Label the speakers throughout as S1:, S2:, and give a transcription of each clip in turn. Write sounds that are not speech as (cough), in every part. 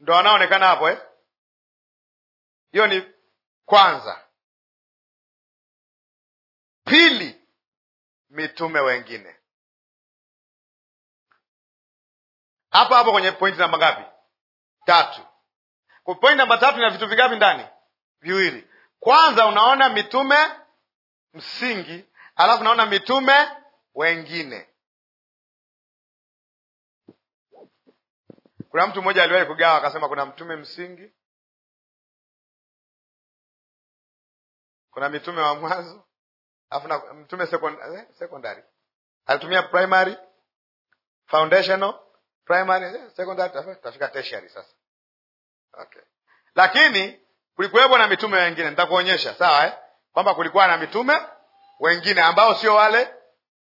S1: ndo wanaonekana hapo eh? hiyo ni kwanza. Pili, mitume wengine. Hapo hapo kwenye pointi namba ngapi? Tatu. Kwa
S2: pointi namba tatu ina vitu vingapi ndani? Viwili. Kwanza unaona mitume msingi, alafu naona mitume wengine.
S1: Kuna mtu mmoja aliwahi kugawa akasema kuna mtume msingi, kuna mitume wa mwanzo, alafu na mtume eh, secondary. Alitumia primary,
S2: foundational, primary, eh, secondary, tafika tertiary sasa. Okay, lakini kulikuwepo na mitume wengine, nitakuonyesha sawa, eh, kwamba kulikuwa na mitume wengine ambao sio wale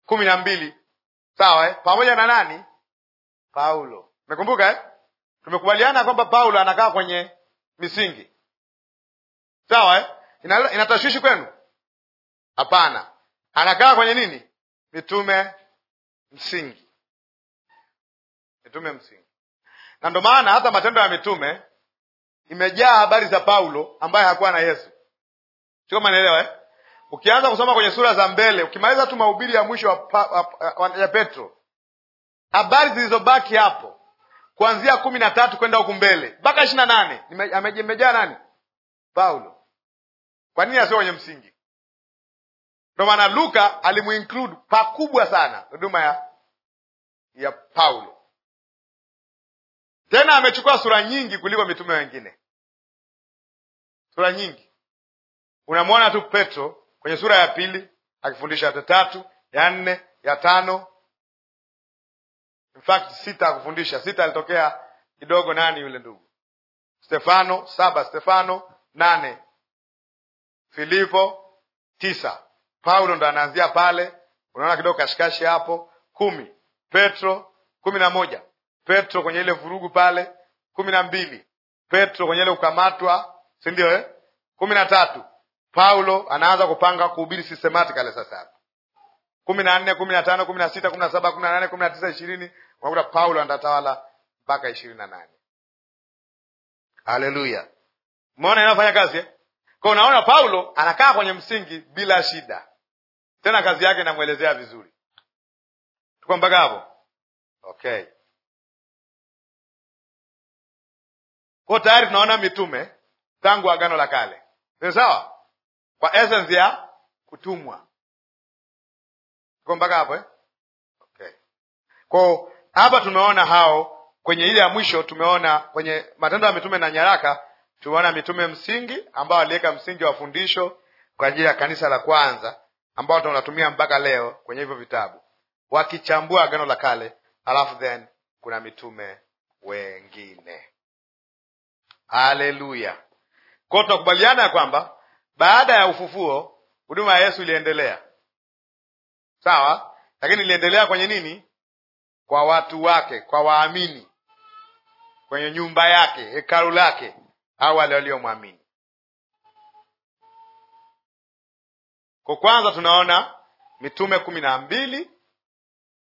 S2: kumi na mbili, sawa eh, pamoja na nani? Paulo mekumbuka eh? Tumekubaliana kwamba Paulo anakaa kwenye misingi sawa eh? Ina, inatashwishi kwenu? Hapana, anakaa kwenye nini? Mitume msingi, mitume msingi. Na ndio maana hata Matendo ya Mitume imejaa habari za Paulo ambaye hakuwa na Yesu, sio kama naelewa eh? Ukianza kusoma kwenye sura za mbele, ukimaliza tu mahubiri ya mwisho ya Petro, habari zilizobaki hapo kuanzia kumi na tatu kwenda huku mbele mpaka ishirini na nane amejaa nani? Paulo. Kwa nini asio kwenye msingi? Ndo maana Luka alimuinclude pakubwa sana huduma ya ya
S1: Paulo, tena amechukua sura nyingi kuliko mitume wengine, sura nyingi. Unamwona tu Petro kwenye sura ya pili akifundisha, ya tatu, ya nne, ya tano,
S2: In fact sita kufundisha sita alitokea kidogo. Nani yule ndugu? Stefano saba, Stefano nane, Filipo tisa, Paulo ndo anaanzia pale, unaona kidogo kashikashi hapo, kumi, Petro kumi na moja, Petro kwenye ile vurugu pale, kumi na mbili, Petro kwenye ile kukamatwa, si ndio eh? kumi na tatu, Paulo anaanza kupanga kuhubiri systematically sasa hapa kumi na nne kumi na tano kumi na sita kumi na saba kumi na nane kumi na tisa ishirini unakuta Paulo anatawala mpaka ishirini na nane Haleluya, mona inafanya kazi eh? k unaona Paulo anakaa kwenye msingi bila
S1: shida, tena kazi yake inamwelezea vizuri. Tuko mpaka hapo okay? ko tayari tunaona mitume tangu Agano la Kale, sawa, kwa essence ya
S2: kutumwa Tuko mpaka hapo eh? Okay. Kwa hapa tumeona hao kwenye ile ya mwisho, tumeona kwenye Matendo ya Mitume na nyaraka, tumeona mitume msingi ambao aliweka msingi wa fundisho kwa ajili ya kanisa la kwanza, ambao tunatumia mpaka leo kwenye hivyo vitabu, wakichambua agano la kale, alafu then kuna mitume wengine. Haleluya! Kwao tunakubaliana ya kwamba baada ya ufufuo huduma ya Yesu iliendelea sawa, lakini liliendelea kwenye nini? Kwa watu wake, kwa waamini, kwenye nyumba yake, hekalu lake, au wale waliomwamini. Kwa kwanza tunaona mitume kumi na mbili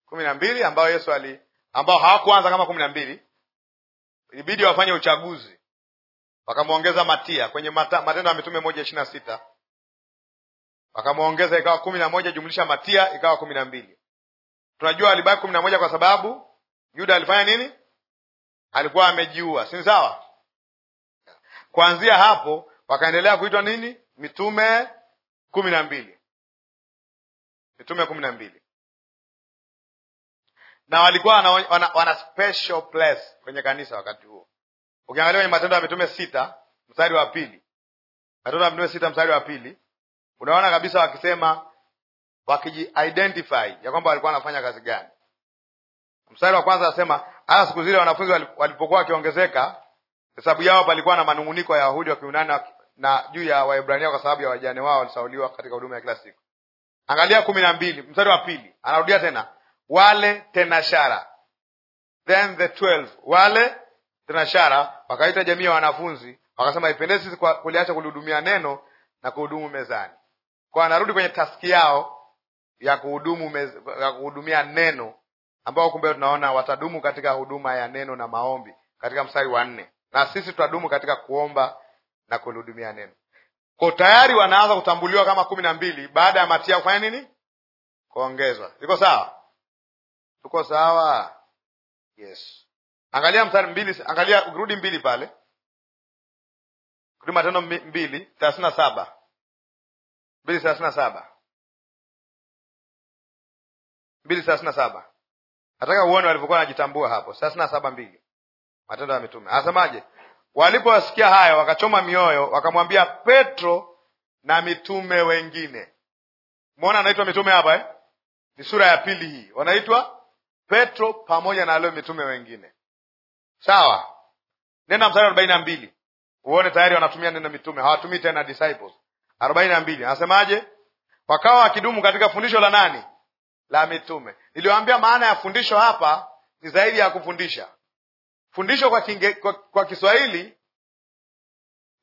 S2: kumi na mbili ambao Yesu ali ambao hawakuanza kama kumi na mbili ilibidi wafanye uchaguzi, wakamwongeza Matia kwenye Matendo ya Mitume moja ishirini na sita wakamwongeza ikawa kumi na moja jumlisha Matia ikawa kumi na mbili. Tunajua alibaki kumi na moja kwa sababu Yuda alifanya nini? Alikuwa amejiua, si sawa? Kuanzia hapo wakaendelea kuitwa nini? Mitume kumi na mbili, mitume kumi na mbili, na walikuwa wana, wana, wana special place kwenye kanisa wakati huo. Ukiangalia kwenye Matendo ya Mitume sita mstari wa pili, Matendo ya Mitume sita mstari wa pili unaona kabisa wakisema wakiji identify ya kwamba walikuwa wanafanya kazi gani. Mstari wa kwanza anasema hata siku zile wanafunzi walipokuwa wakiongezeka, hesabu yao palikuwa na manunguniko ya Wayahudi wa Kiunani na juu ya Waebrania kwa sababu ya wajane wao walisauliwa katika huduma ya kila siku. Angalia kumi na mbili mstari wa pili anarudia tena, wale tenashara, then the twelve, wale tenashara wakaita jamii ya wanafunzi wakasema, ipendezi sisi kuliacha kulihudumia neno na kuhudumu mezani kwa wanarudi kwenye taski yao ya kuhudumu ya kuhudumia neno ambao kumbe tunaona watadumu katika huduma ya neno na maombi katika mstari wa nne na sisi tutadumu katika kuomba na kulihudumia neno ko tayari wanaanza kutambuliwa kama kumi na mbili baada ya Matia kufanya nini kuongezwa iko sawa tuko sawa yes angalia mstari mbili angalia urudi mbili pale
S1: kurudi matendo mbili thelathini na saba mbili thelathini na saba mbili thelathini na saba nataka uone
S2: walivyokuwa wanajitambua hapo. thelathini na saba mbili Matendo ya Mitume anasemaje? Walipowasikia hayo wakachoma mioyo, wakamwambia Petro na mitume wengine. Mwona anaitwa mitume hapa eh? Ni sura ya pili hii, wanaitwa Petro pamoja na walio mitume wengine. Sawa, nenda mstari arobaini na mbili uone tayari wanatumia neno mitume, hawatumii tena disciples arobaini na mbili anasemaje? Wakawa wakidumu katika fundisho la nani? La mitume. Niliwaambia maana ya fundisho hapa ni zaidi ya kufundisha. Fundisho kwa, kinge, kwa, kwa Kiswahili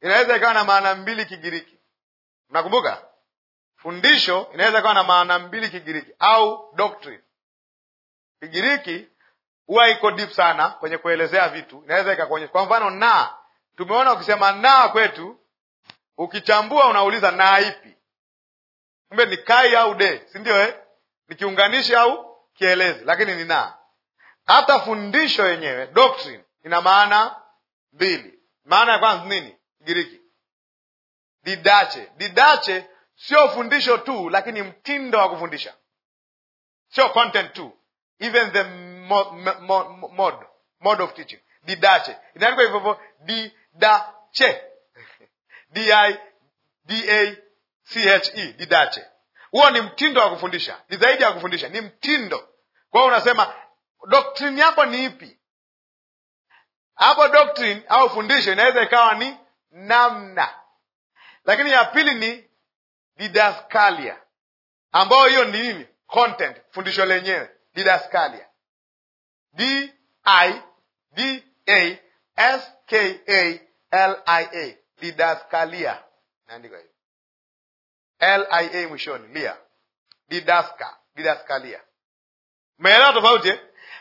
S2: inaweza ikawa na maana mbili Kigiriki. Mnakumbuka fundisho inaweza ikawa na maana mbili Kigiriki au doctrine. Kigiriki huwa iko deep sana kwenye kuelezea vitu, inaweza ikakuonyesha. Kwa mfano, na tumeona ukisema na kwetu Ukichambua unauliza na ipi? Kumbe ni kai au de, si ndio eh? Ni kiunganishi au kielezi, lakini ni na. Hata fundisho yenyewe doctrine ina maana mbili. Maana ya kwanza nini? Kigiriki didache. Didache sio fundisho tu, lakini mtindo wa kufundisha, sio content tu, even the mo, mo, mo, of teaching. Didache inaandikwa hivyo hivyo, didache D I D A C H E, didache. Huo ni mtindo wa kufundisha, ni zaidi ya kufundisha, ni mtindo. Kwa hiyo unasema doktrini yako ni ipi? Hapo doktrini au fundisho inaweza ikawa ni namna, lakini ya pili ni didaskalia, ambayo hiyo ni nini? Content, fundisho lenyewe, didaskalia. D I D A S K A L I A didaskalia, naandika hivi lia mwishoni, lia didaska, didaskalia. meelewa tofauti eh?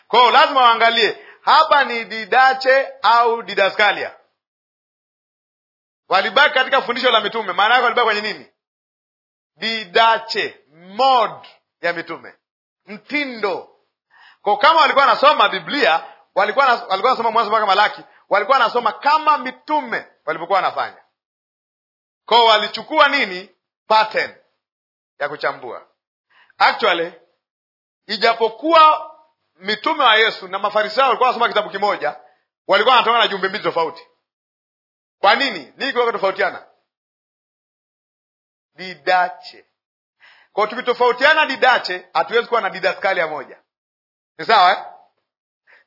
S2: ko lazima waangalie hapa ni didache au didaskalia. Walibaki katika fundisho la mitume, maana yake walibaki kwenye nini? Didache, mod ya mitume, mtindo. ko kama walikuwa wanasoma Biblia, walikuwa wanasoma Mwanzo mpaka Malaki, walikuwa wanasoma kama mitume walipokuwa wanafanya kwao, walichukua nini pattern ya kuchambua actually, ijapokuwa mitume wa Yesu na Mafarisayo walikuwa wanasoma kitabu kimoja, walikuwa wanatoka na jumbe mbili tofauti. Kwa nini? Nini kiweka tofautiana? Didache. Kwa tukitofautiana didache, hatuwezi kuwa na didaskalia moja, ni sawa eh?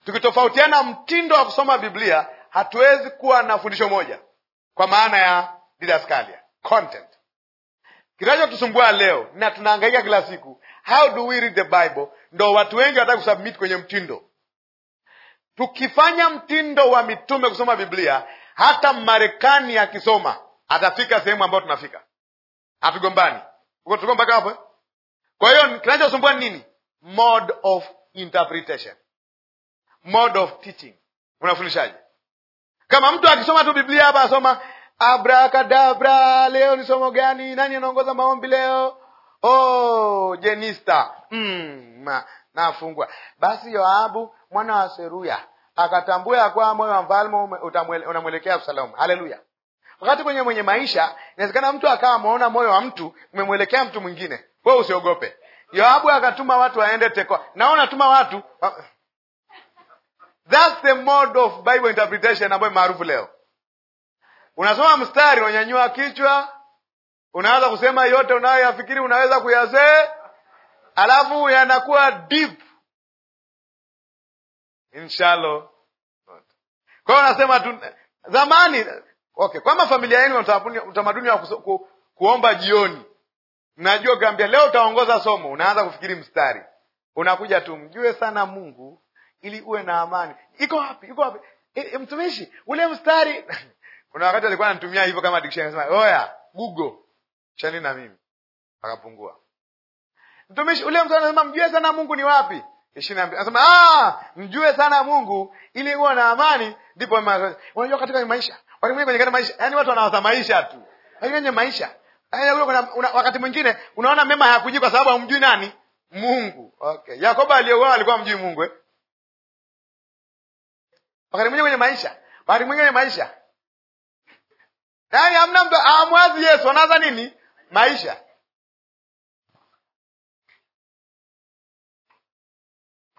S2: Tukitofautiana mtindo wa kusoma Biblia, hatuwezi kuwa na fundisho moja kwa maana ya didaskalia content. Kinachotusumbua leo na tunahangaika kila siku, how do we read the Bible, ndo watu wengi wataki kusubmit kwenye mtindo. Tukifanya mtindo wa mitume kusoma Biblia, hata Marekani akisoma atafika sehemu ambayo tunafika, hatugombani uko tuko mpaka hapo. Eh? Kwa hiyo kinachosumbua nini? Mode of interpretation, mode of teaching, unafundishaje kama mtu akisoma tu biblia hapa asoma abrakadabra leo ni somo gani nani anaongoza maombi leo oh, jenista mm, nafungwa nafungua basi yoabu mwana wa seruya akatambua ya kwamba moyo wa mfalme unamwelekea absalomu haleluya wakati kwenye mwenye maisha inawezekana mtu akawa ameona moyo wa mtu umemwelekea mtu mwingine we usiogope yoabu akatuma watu waende tekoa naona tuma watu That's the mode of Bible interpretation ambayo maarufu leo. Unasoma mstari, unanyanyua kichwa, unaanza kusema yote unayoyafikiri unaweza kuyazee alafu yanakuwa deep inshallah. Kwa hiyo unasema tu zamani, okay, kama familia yenu utamaduni wa ku, kuomba jioni, najua kaambia leo utaongoza somo, unaanza kufikiri mstari, unakuja tu, mjue sana Mungu ili uwe na amani. Iko wapi? Iko wapi? E, e mtumishi ule mstari (laughs) kuna wakati alikuwa anatumia hivyo kama dictionary, anasema oya Google chani na mimi akapungua. Mtumishi ule mstari anasema mjue sana Mungu ni wapi ishirini na mbili anasema ah, mjue sana Mungu ili uwe na amani. Ndipo unajua katika maisha wakati mwingine kwenye maisha, yaani watu wanawaza maisha tu, lakini kwenye maisha yaani una, una, wakati mwingine unaona mema hayakujii kwa sababu hamjui nani Mungu. Okay, Yakobo aliyeuawa alikuwa mjui Mungu eh?
S1: wakati mwingine kwenye maisha, wakati mwingine kwenye maisha, yaani hamna mtu amwazi Yesu, anaza nini maisha.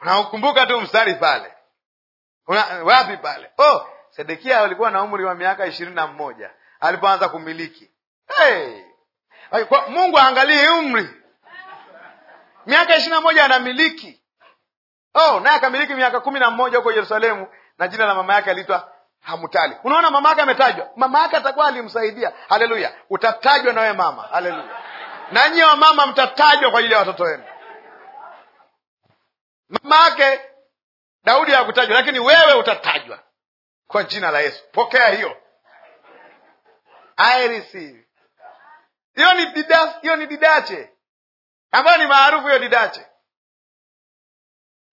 S1: Unakumbuka tu mstari
S2: pale una, wapi pale? Oh, Sedekia alikuwa na umri wa miaka ishirini na mmoja alipoanza kumiliki. Hey! Mungu aangalie umri, miaka ishirini na moja anamiliki. Oh, naye akamiliki miaka kumi na mmoja huko Yerusalemu na jina la mama yake aliitwa Hamutali. Unaona, mama yake ametajwa, mama yake atakuwa alimsaidia. Haleluya! Utatajwa na wewe mama. Haleluya! Na wa mama mtatajwa kwa ajili ya watoto wenu. Mama yake Daudi hakutajwa, lakini wewe utatajwa kwa jina la Yesu. Pokea hiyo. I receive hiyo. Ni didas, hiyo ni didache ambayo ni maarufu. Hiyo didache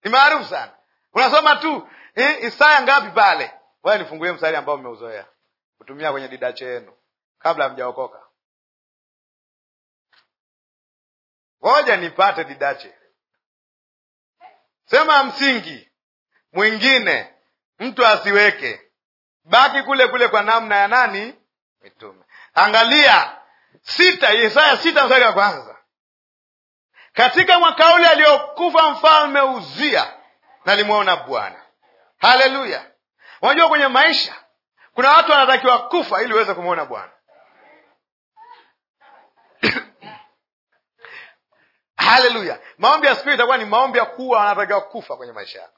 S2: ni maarufu sana, unasoma tu hii Isaya ngapi pale? Wewe nifungulie mstari ambao mmeuzoea kutumia kwenye
S1: didache yenu kabla hamjaokoka. Ngoja nipate didache. Sema msingi
S2: mwingine mtu asiweke, baki kule kule kwa namna ya nani? Mitume. Angalia sita, Isaya sita mstari wa kwanza katika mwaka ule aliyokufa mfalme Uzia nalimwona Bwana Haleluya! Unajua, kwenye maisha kuna watu wanatakiwa kufa ili uweze kumwona Bwana. (coughs) Haleluya! maombi ya siku itakuwa ni maombi ya kuwa wanatakiwa kufa kwenye maisha yako.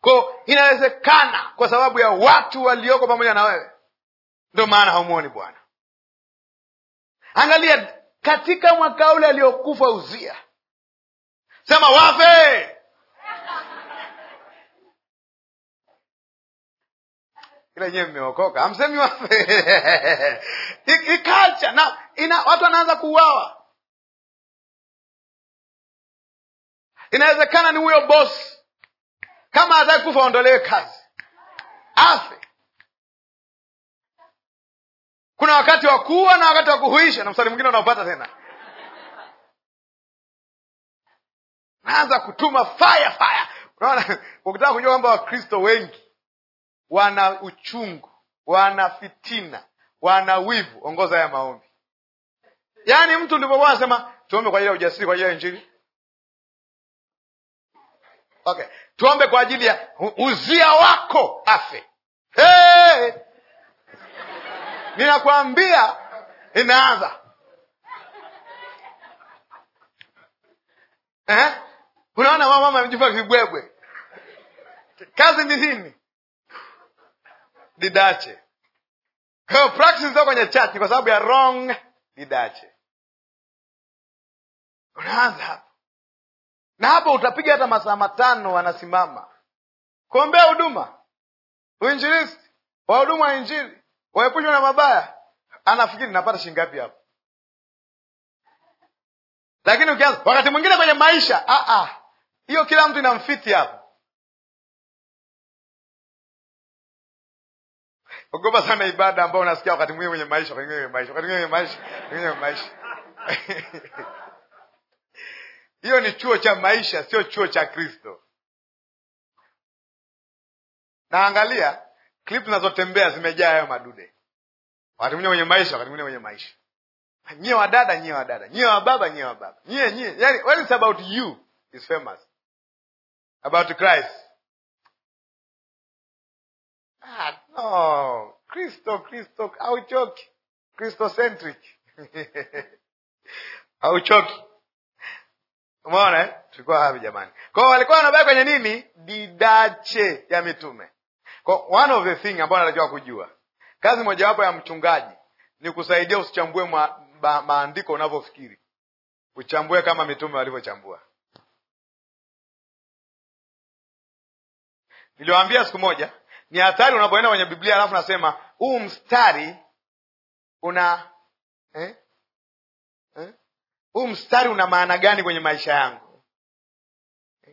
S2: Ko, inawezekana kwa sababu ya watu walioko pamoja na wewe, ndio maana haumwoni Bwana. Angalia katika mwaka ule aliokufa Uzia, sema wafe ile nyewe mmeokoka amsemi ikalcha na ina, watu
S1: wanaanza kuuawa inawezekana ni huyo bosi kama hataki kufa aondolewe kazi afe kuna wakati wa kuua na wakati wa kuhuisha na mstari mwingine unaopata tena naanza kutuma fire fire
S2: unaona (laughs) ukitaka kujua kwamba wakristo wengi wana uchungu, wana fitina, wana wivu. Ongoza haya maombi. Yaani mtu ndivyokuwa anasema tuombe kwa ajili ya ujasiri kwa ajili ya Injili. Okay, tuombe kwa ajili ya uzia wako afe. Hey! Ninakwambia inaanza eh? Unaona mama amejua vibwebwe. Kazi ni nini?
S1: didache. practice zao kwenye church kwa sababu ya wrong didache. Unaanza hapo na hapo, utapiga hata masaa matano wanasimama kuombea huduma, uinjilisti,
S2: wahudumu wa Injili, waepushwa na mabaya. Anafikiri napata shingapi hapo?
S1: Lakini ukianza wakati mwingine kwenye maisha, ah, ah. hiyo kila mtu inamfiti hapo Ogopa sana ibada ambayo unasikia wakati mwingine kwenye maisha, wakati mwingine kwenye maisha, wakati mwingine kwenye maisha, wakati mwingine
S2: kwenye maisha. (laughs) Hiyo ni chuo cha maisha, sio chuo cha Kristo. Naangalia clip zinazotembea zimejaa hayo madude, wakati mwingine kwenye maisha, wakati mwingine kwenye maisha. Nyie wa dada, nyie wa dada, nyie wa baba, nyie wa baba, nyie nyie, yani what is about you is famous about Christ. Ah, No, oh, Kristo, Kristo hauchoki, Christocentric hauchoki. (laughs) Umeona, eh? tulikuwa hapo jamani? Kwao walikuwa wanabaki kwenye nini? Didache ya mitume. Kwa one of the thing ambayo anatakiwa kujua, kazi mojawapo ya mchungaji ni kusaidia usichambue ma, ma, maandiko unavyofikiri, uchambue kama mitume walivyochambua.
S1: Niliwaambia siku moja ni hatari unapoenda kwenye Biblia alafu nasema huu mstari una eh?
S2: Eh? huu mstari una maana gani kwenye maisha yangu?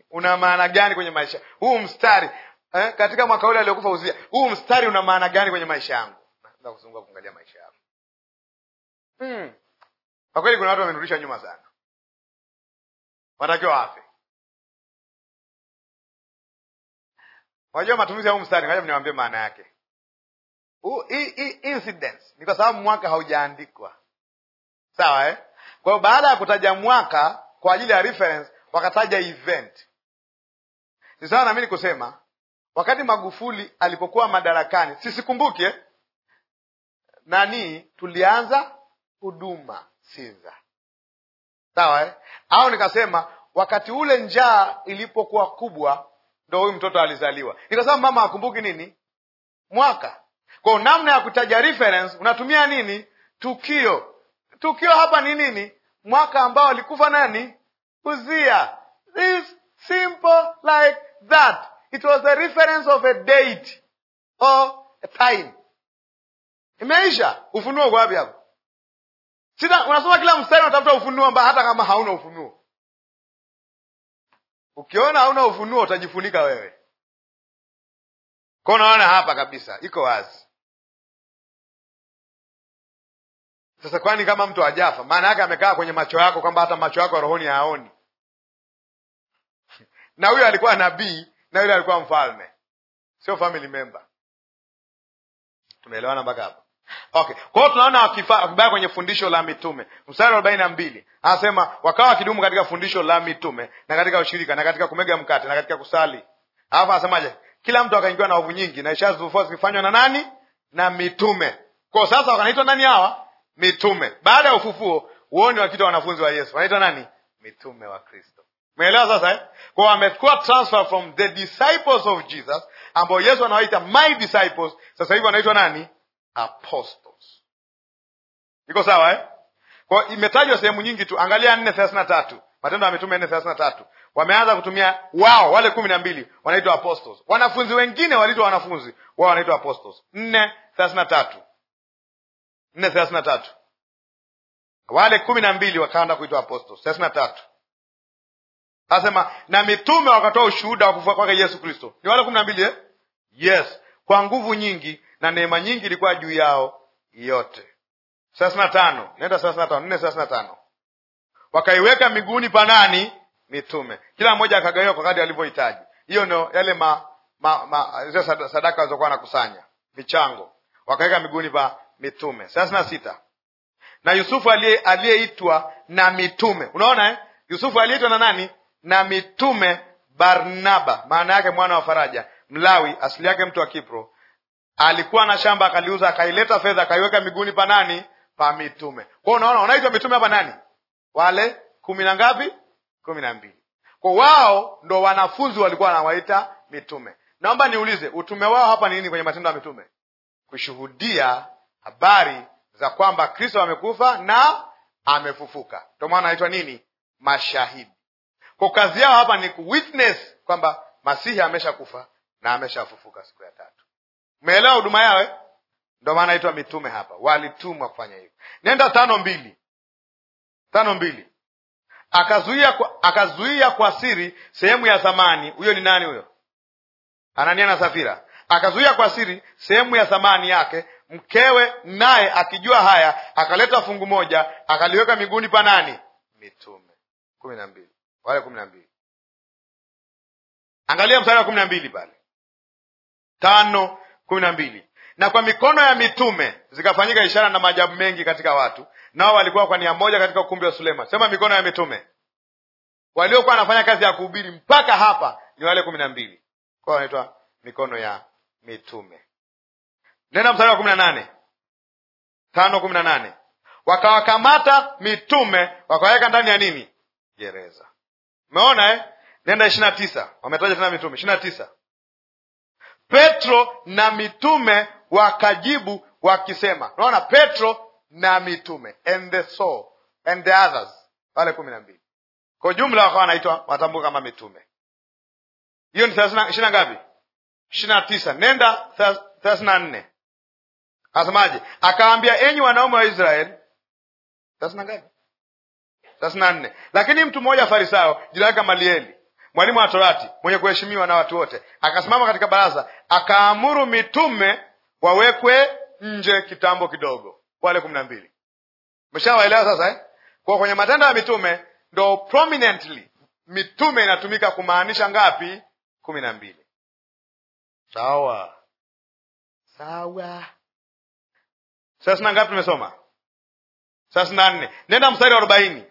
S2: Una maana gani kwenye maisha huu mstari eh? katika mwaka ule aliokufa Uzia, huu mstari una maana
S1: gani kwenye maisha yangu?
S2: Naanza kuzunguka kuangalia maisha yangu
S1: hmm. kwa hmm. kweli kuna watu wamenirudisha nyuma sana, watakiwa wape Wajua matumizi ya huu mstari, ngoja niwaambie maana yake.
S2: Hii incidence ni kwa sababu mwaka haujaandikwa, sawa eh? Kwa hiyo baada ya kutaja mwaka kwa ajili ya reference wakataja event. Ni sawa na mimi nikusema wakati Magufuli alipokuwa madarakani, sisikumbuke eh? nani tulianza huduma Sinza, sawa eh? au nikasema wakati ule njaa ilipokuwa kubwa ndo huyu mtoto alizaliwa. Ni kwa sababu mama hakumbuki nini mwaka. Kwa namna ya kutaja reference unatumia nini? Tukio. Tukio hapa ni nini? Mwaka ambao alikufa nani? Uzia. This simple like that, it was a reference of a date or a time. Imeisha. Ufunuo uko wapi hapo? Sita unasoma kila mstari unatafuta ufunuo, mbaya hata kama hauna ufunuo. Ukiona
S1: hauna ufunuo utajifunika wewe. ko unaona hapa kabisa iko wazi. Sasa kwani kama mtu ajafa, maana yake amekaa kwenye macho yako kwamba hata macho yako rohoni haoni.
S2: (laughs) na huyo alikuwa nabii na yule alikuwa mfalme, sio family member. Tumeelewana mpaka hapa? Okay. Kwa hiyo tunaona akibaya kwenye fundisho la mitume, mstari wa arobaini na mbili anasema wakawa wakidumu katika fundisho la mitume na katika ushirika na katika kumega mkate na katika kusali. Alafu anasemaje? Kila mtu akaingiwa na wavu nyingi, na ishara zilizofua zikifanywa na nani? Na mitume. Kwa sasa wakanaitwa nani hawa? Mitume. Baada ya ufufuo, uone wakitwa wanafunzi wa Yesu wanaitwa nani? Mitume wa Kristo. Umeelewa sasa eh? Kwa wamekuwa transfer from the disciples of Jesus ambao Yesu anawaita my disciples, sasa hivi wanaitwa nani? apostles. Iko sawa eh? Kwa imetajwa sehemu nyingi tu, angalia nne thelathini na tatu Matendo ya Mitume nne thelathini na tatu Wameanza kutumia wao, wale kumi na mbili wanaitwa apostles, wanafunzi wengine waliitwa wanafunzi, wao wanaitwa apostles. nne thelathini na tatu nne thelathini na tatu wale kumi na mbili wakaanza kuitwa apostles. thelathini na tatu Anasema na mitume wakatoa ushuhuda wa kufua kwake Yesu Kristo. Ni wale kumi na mbili eh? Yes, kwa nguvu nyingi na neema nyingi ilikuwa juu yao yote. thelathini na tano nenda thelathini na tano nne thelathini na tano wakaiweka miguuni panani mitume, kila mmoja akagawiwa kwa kadri alivyohitaji. Hiyo ndio yale ma, ma, ma, zile sadaka walizokuwa wanakusanya michango, wakaweka miguuni pa mitume. thelathini na sita na Yusufu aliyeitwa na mitume. Unaona eh? Yusufu aliyeitwa na nani? Na mitume Barnaba, maana yake mwana wa faraja, Mlawi, asili yake mtu wa Kipro, alikuwa na shamba akaliuza, akaileta fedha, akaiweka miguuni pa nani? Pa mitume. Kwao unaona wanaitwa mitume hapa nani? Wale kumi na ngapi? kumi na mbili. Kwa wao ndo wanafunzi walikuwa wanawaita mitume. Naomba niulize, utume wao hapa ni nini kwenye Matendo ya Mitume? Kushuhudia habari za kwamba Kristo amekufa na amefufuka. Ndio maana anaitwa nini? Mashahidi. Kwa kazi yao hapa ni kuwitness kwamba Masihi ameshakufa na ameshafufuka siku ya tatu. Umeelewa huduma yao eh? ndo maana naitwa mitume hapa, walitumwa kufanya hivyo. Nenda tano mbili, tano mbili. Akazuia kwa, akazuia kwa siri sehemu ya thamani. Huyo ni nani huyo? Anania na Safira. Akazuia kwa siri sehemu ya thamani yake, mkewe naye akijua haya, akaleta fungu moja, akaliweka miguni pa nani? Mitume kumi na mbili, wale kumi na mbili. Angalia mstari wa kumi na mbili pale tano kumi na mbili na kwa mikono ya mitume zikafanyika ishara na maajabu mengi katika watu, nao walikuwa kwa nia moja katika ukumbi wa Sulema. Sema mikono ya mitume, waliokuwa wanafanya kazi ya kuhubiri mpaka hapa ni wale kumi na mbili, kwao wanaitwa mikono ya mitume. Nenda mstari wa kumi na nane tano kumi na nane wakawakamata mitume wakawaweka ndani ya nini? Gereza. Umeona eh? Nenda ishirini na tisa wametaja tena mitume ishirini na tisa Petro na mitume wakajibu wakisema, unaona, Petro na mitume and the soul and the others, kumi na mbili kwa jumla wakawa wanaitwa watambuka kama mitume. Hiyo ni ishirini na ngapi? ishirini na tisa. Nenda thelathini na nne Asemaje? akawambia enyi wanaume wa Israeli. thelathini na ngapi? thelathini na nne. Lakini mtu mmoja Farisayo, jina lake Gamalieli, mwalimu wa Torati mwenye kuheshimiwa na watu wote, akasimama katika baraza akaamuru mitume wawekwe nje kitambo kidogo, wale kumi na mbili. Umeshawaelewa sasa eh? Kwa kwenye matendo ya mitume ndo prominently mitume inatumika kumaanisha
S1: ngapi? kumi na mbili. Sawa sawa. Thelathini na ngapi tumesoma? Thelathini na nne. Nenda
S2: mstari wa arobaini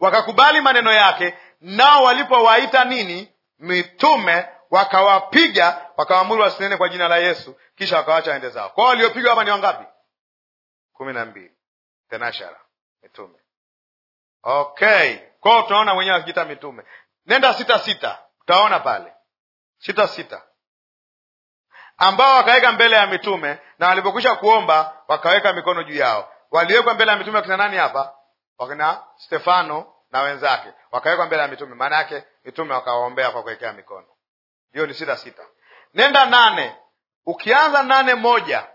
S2: wakakubali maneno yake, nao walipowaita nini mitume wakawapiga wakawaamuru wasinene kwa jina la Yesu, kisha wakawacha waende zao. Kwao waliopigwa hapa ni wangapi? kumi na mbili tenashara mitume. Okay, kwao tunaona mwenyewe wakijita mitume. Nenda sita sita, utaona pale sita sita ambao wakaweka mbele ya mitume na walipokwisha kuomba wakaweka mikono juu yao. Waliwekwa mbele ya mitume wakina nani hapa? wakina Stefano na wenzake wakawekwa mbele ya mitume, maana yake mitume wakawaombea kwa kuwekea mikono. Hiyo ni sita sita. Nenda nane, ukianza nane moja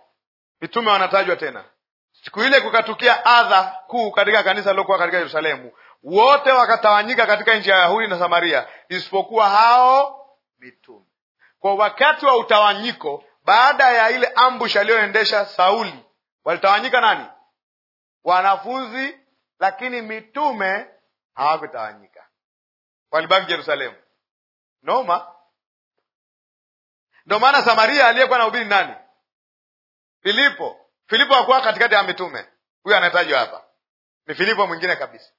S2: mitume wanatajwa tena. Siku ile kukatukia adha kuu katika kanisa lilokuwa katika Yerusalemu, wote wakatawanyika katika nchi ya Yahudi na Samaria, isipokuwa hao mitume. Kwa wakati wa utawanyiko, baada ya ile ambush aliyoendesha Sauli, walitawanyika nani? Wanafunzi lakini mitume hawakutawanyika, walibaki Yerusalemu. Noma, ndo maana Samaria aliyekuwa na ubiri nani? Filipo. Filipo hakuwa katikati ya mitume, huyo anatajwa hapa ni Filipo mwingine kabisa.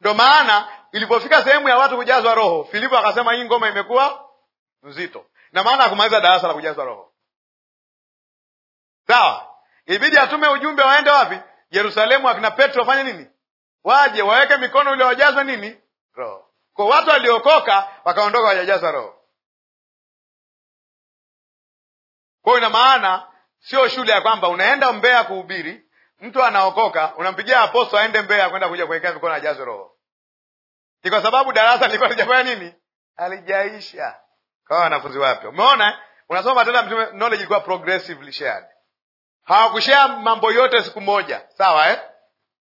S2: Ndo maana ilipofika sehemu ya watu kujazwa Roho, Filipo akasema hii ngoma imekuwa nzito, na maana akumaliza darasa la kujazwa Roho. Sawa, ibidi atume ujumbe waende wapi? Yerusalemu akina Petro wafanye nini? Waje waweke mikono ili wajazwe nini? Roho. Kwa watu waliokoka wakaondoka, wajajaza roho. Kwa ina maana sio shule ya kwamba unaenda Mbeya kuhubiri, mtu anaokoka, unampigia aposto aende Mbeya kwenda kuja kuwekea mikono ajazwe roho. Ni kwa sababu darasa lilikuwa lijafanya nini? Alijaisha kwa wanafunzi wapya. Umeona, unasoma tena mtume, knowledge ilikuwa progressively shared hawakushea mambo yote siku moja, sawa eh?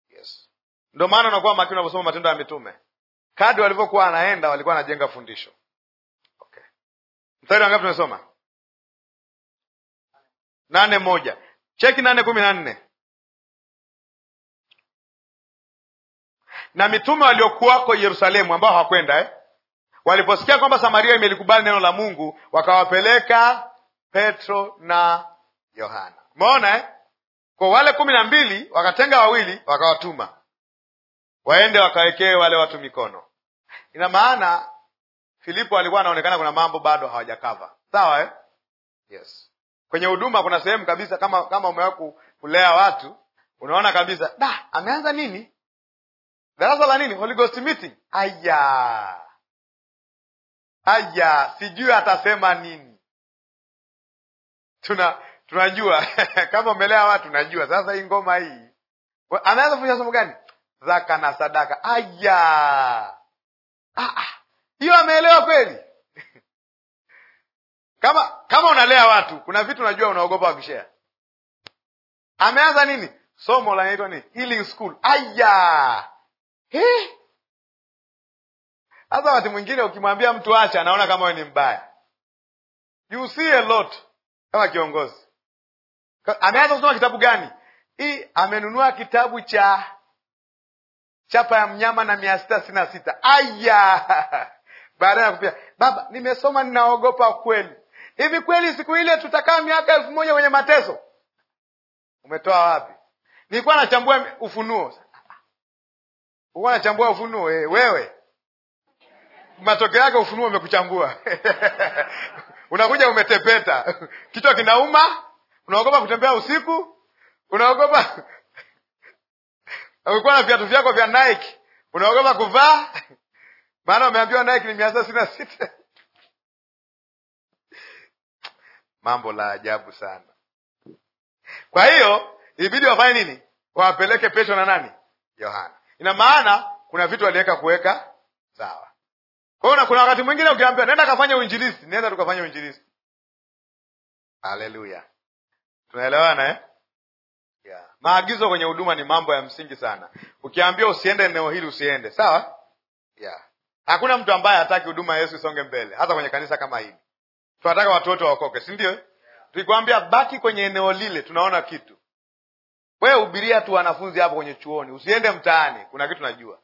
S2: Yes, ndio maana unakuwa makini unaposoma Matendo ya Mitume. Kadri walivyokuwa anaenda,
S1: walikuwa wanajenga fundisho. Okay, mstari wangapi tumesoma? nane moja. Cheki nane kumi na nne na mitume waliokuwako Yerusalemu ambao hawakwenda eh?
S2: waliposikia kwamba Samaria imelikubali neno la Mungu wakawapeleka Petro na Yohana. Umeona eh? Kwa wale kumi na mbili wakatenga wawili, wakawatuma waende wakawekee wale watu mikono. Ina maana Filipo alikuwa anaonekana kuna mambo bado hawajakava, sawa eh? Yes, kwenye huduma kuna sehemu kabisa, kama kama umewahi kulea watu, unaona kabisa da,
S1: ameanza nini, darasa la nini, Holy Ghost meeting. Aya, aya, sijui atasema nini.
S2: Tuna tunajua (laughs) kama umelea watu najua. Sasa hii ngoma hii anaweza kufundisha somo gani? Zaka na sadaka. Aya, ah, ah, hiyo ameelewa kweli? (laughs) kama kama unalea watu, kuna vitu unajua unaogopa wakishea. Ameanza nini somo linaitwa ni Healing School. Aya, sasa wakati mwingine ukimwambia mtu acha, anaona kama wewe ni mbaya. You see a lot kama kiongozi ameanza kusoma kitabu gani? Hii amenunua kitabu cha chapa ya mnyama na mia sita sitini na sita. Aya, (laughs) baada ya kupia baba, nimesoma ninaogopa kweli. Hivi kweli siku ile tutakaa miaka elfu moja kwenye mateso? Umetoa wapi? Nilikuwa nachambua Ufunuo. Ulikuwa nachambua Ufunuo eh, wewe matokeo yake Ufunuo umekuchambua
S1: (laughs)
S2: unakuja umetepeta, kichwa kinauma unaogopa kutembea usiku, unaogopa ukikuwa (laughs) na viatu vyako vya Nike unaogopa kuvaa, (laughs) maana umeambiwa Nike ni mia saba sitini na sita. (laughs) Mambo la ajabu sana. Kwa hiyo ibidi wafanye nini? wapeleke Petro na nani? Yohana. Ina maana kuna vitu waliweka kuweka sawa. Kwa hiyo kuna wakati mwingine ukiambiwa nenda kafanya uinjilisti, nenda tukafanya uinjilisti. Haleluya! tunaelewana eh? yeah. Maagizo kwenye huduma ni mambo ya msingi sana. Ukiambia usiende eneo hili usiende, sawa yeah. Hakuna mtu ambaye hataki huduma ya Yesu isonge mbele, hata kwenye kanisa kama hili. Tunataka watu wote waokoke, si ndio? tukikwambia baki kwenye eneo lile, tunaona kitu. Wewe ubiria tu wanafunzi hapo kwenye chuoni, usiende mtaani, kuna kitu najua.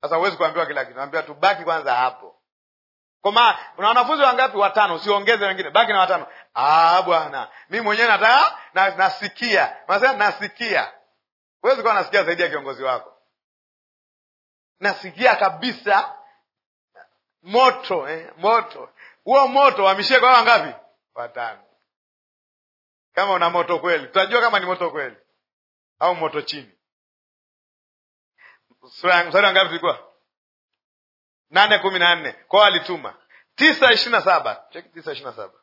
S2: Sasa huwezi kuambiwa kila kitu, naambiwa tubaki kwanza hapo. Kwa maana una wanafunzi wangapi? Watano, usiongeze wengine, baki na watano. Ah bwana, mi mwenyewe nataka na, nasikia nasema nasikia. Huwezi kuwa nasikia zaidi ya kiongozi wako. Nasikia kabisa moto eh, moto huo moto wamishie kwa wangapi? Watano.
S1: Kama una moto kweli, tutajua kama ni moto kweli au moto chini. Mstari wangapi tulikuwa
S2: nane kumi na nne kwao alituma tisa ishirini na saba cheki tisa ishirini na saba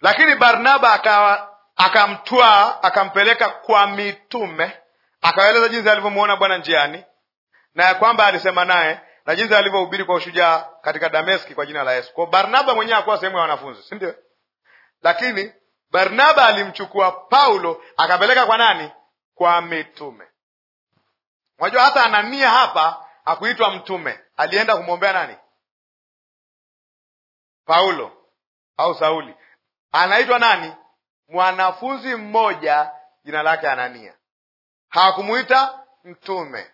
S2: lakini Barnaba akawa akamtwaa akampeleka kwa mitume akaeleza jinsi alivyomuona Bwana njiani na ya kwamba alisema naye na jinsi alivyohubiri kwa ushujaa katika Dameski kwa jina la Yesu. kwao Barnaba mwenyewe akuwa sehemu ya wanafunzi, si ndio? Lakini Barnaba alimchukua Paulo akapeleka kwa nani? Kwa mitume. Unajua hata Anania hapa hakuitwa mtume, alienda kumwombea nani? Paulo au Sauli. Anaitwa nani? Mwanafunzi mmoja, jina lake Anania. hakumuita mtume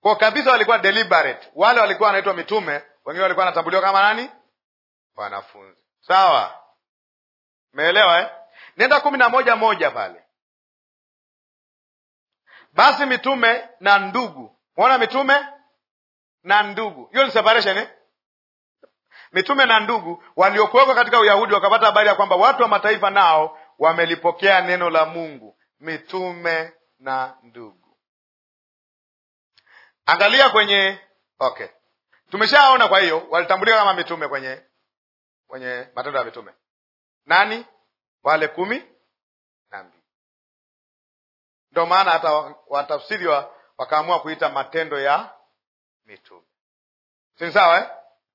S2: kwa kabisa, walikuwa deliberate. Wale walikuwa wanaitwa mitume, wengine walikuwa wanatambuliwa kama nani? Wanafunzi. Sawa, meelewa eh? Nenda kumi na moja moja pale basi mitume na ndugu, umeona mitume na ndugu, hiyo ni separation eh? Mitume na ndugu waliokuwekwa katika Uyahudi wakapata habari ya kwamba watu wa mataifa nao wamelipokea neno la Mungu. Mitume na ndugu, angalia kwenye okay, tumeshaona. Kwa hiyo walitambulika kama mitume kwenye kwenye Matendo ya Mitume nani? Wale kumi na mbili. Ndio maana hata watafsiri wa, wakaamua kuita matendo ya mitume, si sawa eh?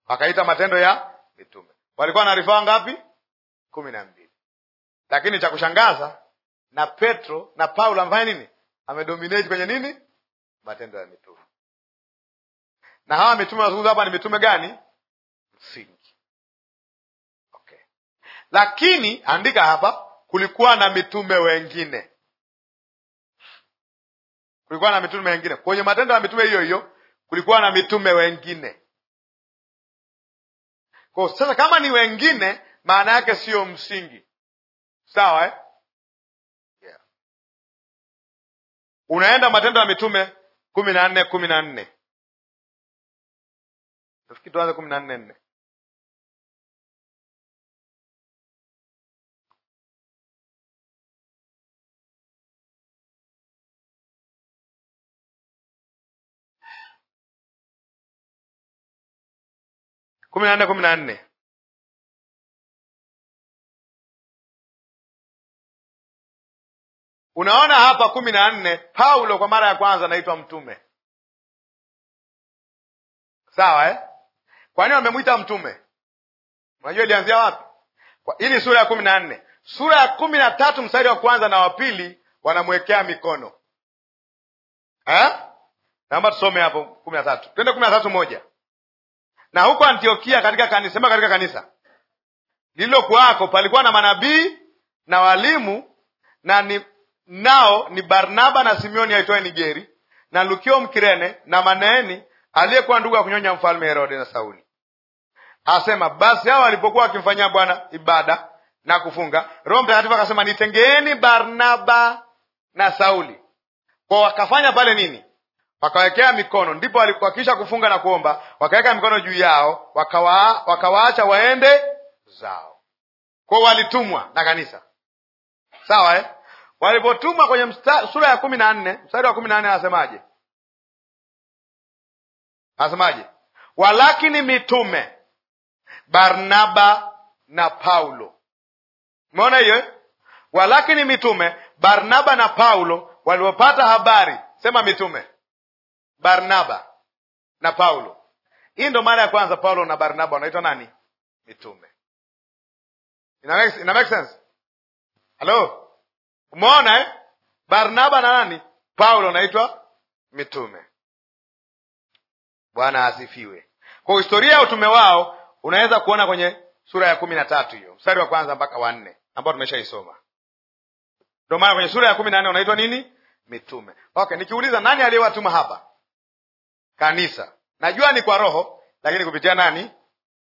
S2: Wakaita matendo ya mitume. Walikuwa na rifaa ngapi? kumi na mbili. Lakini cha kushangaza na Petro na Paulo amefanya nini? Amedominate kwenye nini? Matendo ya mitume. Na hawa mitume wanazungumza hapa ni mitume gani? Msingi. Okay. Lakini andika hapa, kulikuwa na mitume
S1: wengine kulikuwa na mitume wengine. Kwenye matendo ya mitume hiyo hiyo kulikuwa na mitume wengine. Kwa sasa,
S2: kama ni wengine, maana yake siyo msingi, sawa eh? yeah.
S1: Unaenda matendo ya mitume kumi na nne kumi na nne nafikiri tuanze kumi na nne nne kumi na nne kumi na nne Unaona hapa kumi na nne Paulo kwa mara ya kwanza anaitwa mtume,
S2: sawa eh? Kwa nini wamemwita mtume? Unajua ilianzia wapi? Hii ni sura ya kumi na nne. Sura ya kumi na tatu mstari wa kwanza na wa pili wanamwekea mikono. Eh? Naomba tusome hapo kumi na tatu, twende kumi na tatu moja na huko Antiokia katika kanisa, sema katika kanisa lililokuwako palikuwa na manabii na walimu na ni, nao ni Barnaba na Simeoni aitwaye Nigeri na Lukio Mkirene na Manaeni aliyekuwa ndugu ya kunyonya mfalme Herode na Sauli. Asema basi hao walipokuwa wakimfanyia Bwana ibada na kufunga, Roho Mtakatifu akasema nitengeeni Barnaba na Sauli. Kwa wakafanya pale nini? wakawekea mikono, ndipo wakiisha kufunga na kuomba, wakaweka mikono juu yao, wakawa, wakawaacha waende zao. Kwao walitumwa na kanisa, sawa eh? Walipotumwa kwenye msta, sura ya kumi na nne mstari wa kumi na nne anasemaje? Anasemaje? walakini mitume Barnaba na Paulo. Umeona hiyo? Eh? Walakini mitume Barnaba na Paulo waliopata habari, sema mitume Barnaba na Paulo. Hii ndo mara ya kwanza Paulo na Barnaba wanaitwa nani? Mitume. Ina make sense? Halo, umeona eh? Barnaba na nani? Paulo anaitwa mitume. Bwana asifiwe. Kwa historia ya utume wao unaweza kuona kwenye sura ya kumi na tatu hiyo mstari wa kwanza mpaka wa nne ambao tumeshaisoma. Ndio maana kwenye sura ya kumi na nne wanaitwa nini? Mitume. Okay, nikiuliza nani aliyewatuma hapa? kanisa. Najua ni kwa Roho, lakini kupitia nani?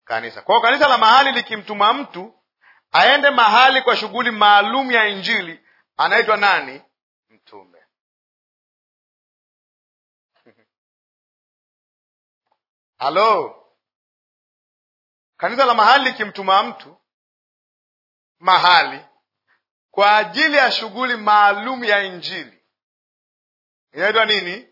S2: Kanisa. Kwa hiyo kanisa la mahali likimtuma mtu aende mahali kwa shughuli maalum ya Injili, anaitwa nani?
S1: Mtume. (laughs) Halo, kanisa la mahali likimtuma mtu mahali kwa ajili ya shughuli
S2: maalum ya Injili inaitwa nini?